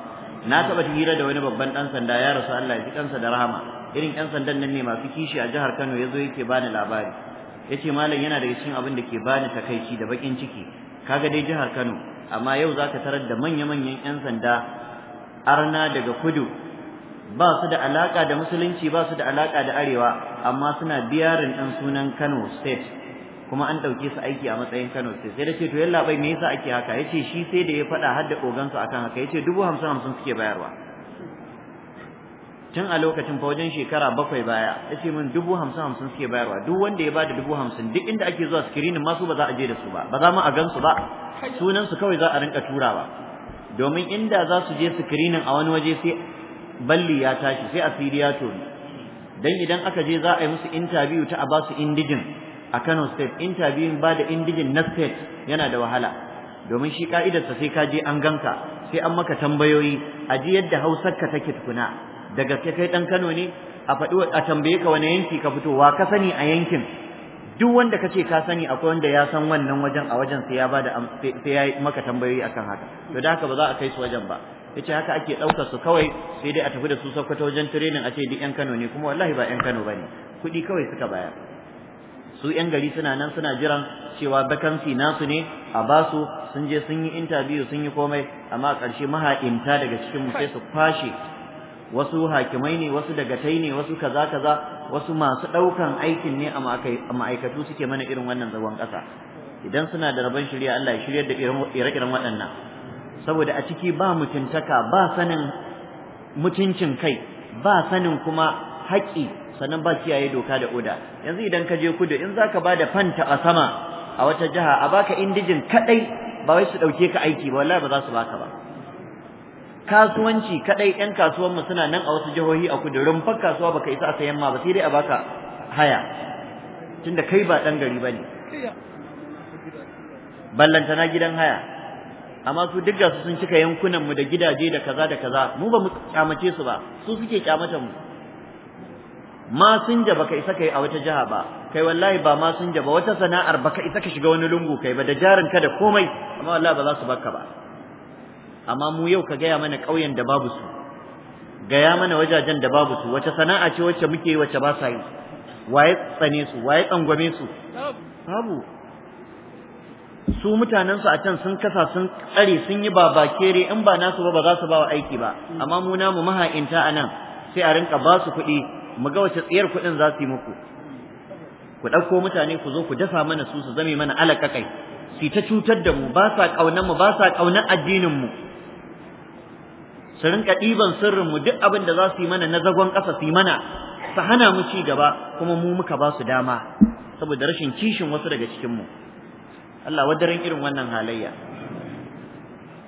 na taɓa hira da wani babban ɗan sanda ya rasu Allah ya ji kansa da rahama irin ƴan sandan nan ne masu kishi a jihar Kano ya zo yake bani labari yace malam yana daga cikin abin da ke bani takaici da bakin ciki kaga dai jihar Kano amma yau za ka tarar da manya-manyan ƴan sanda arna daga kudu ba su da alaka da musulunci ba su da alaka da arewa amma suna biyarin ɗan sunan Kano state kuma an ɗauke su aiki a matsayin Kano sai sai da ce to yalla bai me yasa ake haka yace shi sai da ya fada har da ogansu akan haka yace dubu hamsin hamsin suke bayarwa tun a lokacin fa wajen shekara bakwai baya yace min dubu hamsin hamsin suke bayarwa duk wanda ya bada dubu hamsin duk inda ake zuwa screening ma su ba za a je da su ba ba za mu a gan su ba sunan su kawai za a rinka turawa domin inda za su je screening a wani waje sai balli ya tashi sai asiri ya toni. dan idan aka je za a yi musu interview ta a ba su indijin a Kano state interviewing ba da indigen na state yana da wahala domin shi ka'idarsa sai ka je an ganka sai an maka tambayoyi a ji yadda ka take tukuna daga kai kai dan Kano ne a faɗi a tambaye ka wani yanki ka fito wa ka sani a yankin duk wanda kace ka sani akwai wanda ya san wannan wajen a wajen sai ya ba da sai ya maka tambayoyi akan haka to da haka ba za a kai su wajen ba yace haka ake daukar su kawai sai dai a tafi da su sokoto wajen training a ce duk 'yan Kano ne kuma wallahi ba 'yan Kano bane kuɗi kawai suka bayar su yan gari suna nan suna jiran cewa bakansi nasu ne a basu sun je sun yi interview sun yi komai amma a ƙarshe maha'inta daga cikin mu sai su kwashe wasu hakimai ne wasu dagatai ne wasu kaza kaza wasu masu ɗaukan aikin ne a ma'aikatu suke mana irin wannan zagon ƙasa idan suna da rabon shirya Allah ya shiryar da ire waɗannan saboda a ciki ba mutuntaka ba sanin mutuncin kai ba sanin kuma haƙƙi sannan ba kiyaye doka da oda yanzu idan ka je kudu in zaka bada fanta a sama a wata jiha a baka indijin kadai ba wai su dauke ka aiki ba wallahi ba za su baka ba kasuwanci kadai yan kasuwan mu suna nan a wasu jihohi a kudu rumfar kasuwa baka isa a sayan ma ba sai dai a baka haya tunda kai ba dan gari bane na gidan haya amma su duk su sun cika yankunan mu da gidaje da kaza da kaza mu ba mu kyamace su ba su suke kyamata mu masinja baka isa kai a wata jiha ba kai wallahi ba masinja ba wata sana'ar baka isa ka shiga wani lungu kai ba da jarin ka da komai amma wallahi ba za su baka ba amma mu yau ka gaya mana ƙauyen da babu su gaya mana wajajen da babu su wata sana'a ce wacce muke yi wacce ba sa yi waye tsane su waye tsangwame su babu su mutanen su a can sun kasa sun tsare sun yi babakere in ba nasu ba ba za su ba wa aiki ba amma mu namu maha'inta anan sai a rinka ba su kuɗi mu ga wace tsiyar kuɗin za su yi muku ku ɗauko mutane ku zo ku dafa mana su su zame mana alaka kai su ta cutar da mu ba sa ƙaunar mu ba sa ƙaunar addinin mu su rinka ɗiban sirrin mu duk abin da za su yi mana na zagon ƙasa su yi mana su hana mu ci gaba kuma mu muka ba su dama saboda rashin kishin wasu daga cikin mu Allah wadarin irin wannan halayya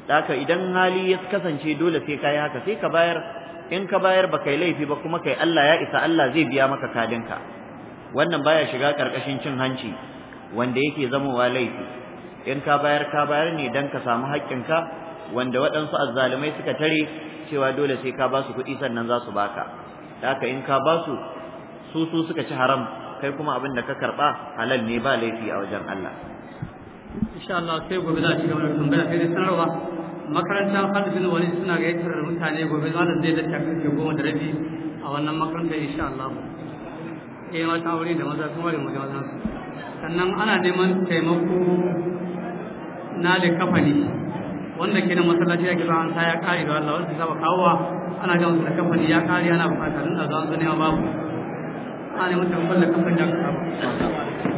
haka idan hali ya kasance dole sai kai haka sai ka bayar in ka bayar ba kai laifi ba kuma kai Allah ya isa Allah zai biya maka kadinka wannan baya shiga karkashin cin hanci wanda yake zamowa laifi in ka bayar ka bayar ne dan ka samu haƙƙinka wanda waɗansu azzalumai suka tare cewa dole sai ka ba su kuɗi sannan za su baka haka in ka ba su su su suka ci haram kai kuma abin da ka karɓa halal ne ba laifi a wajen Allah insha Allah sai gobe za a ci gaba da tambaya sai sanarwa makarantar halifin wani Walid suna gaitar mutane gobe da zai lacca ke goma da rabi a wannan makarantar insha Allah eh mata wuri da maza kuma da maza maza sannan ana neman taimako na da kafani wanda ke da masallaci ya kira an ya kare da Allah wanda zaba kawowa ana ga da kafani ya kare ana bukatar da zan zo ne babu ana neman taimako da kafani da aka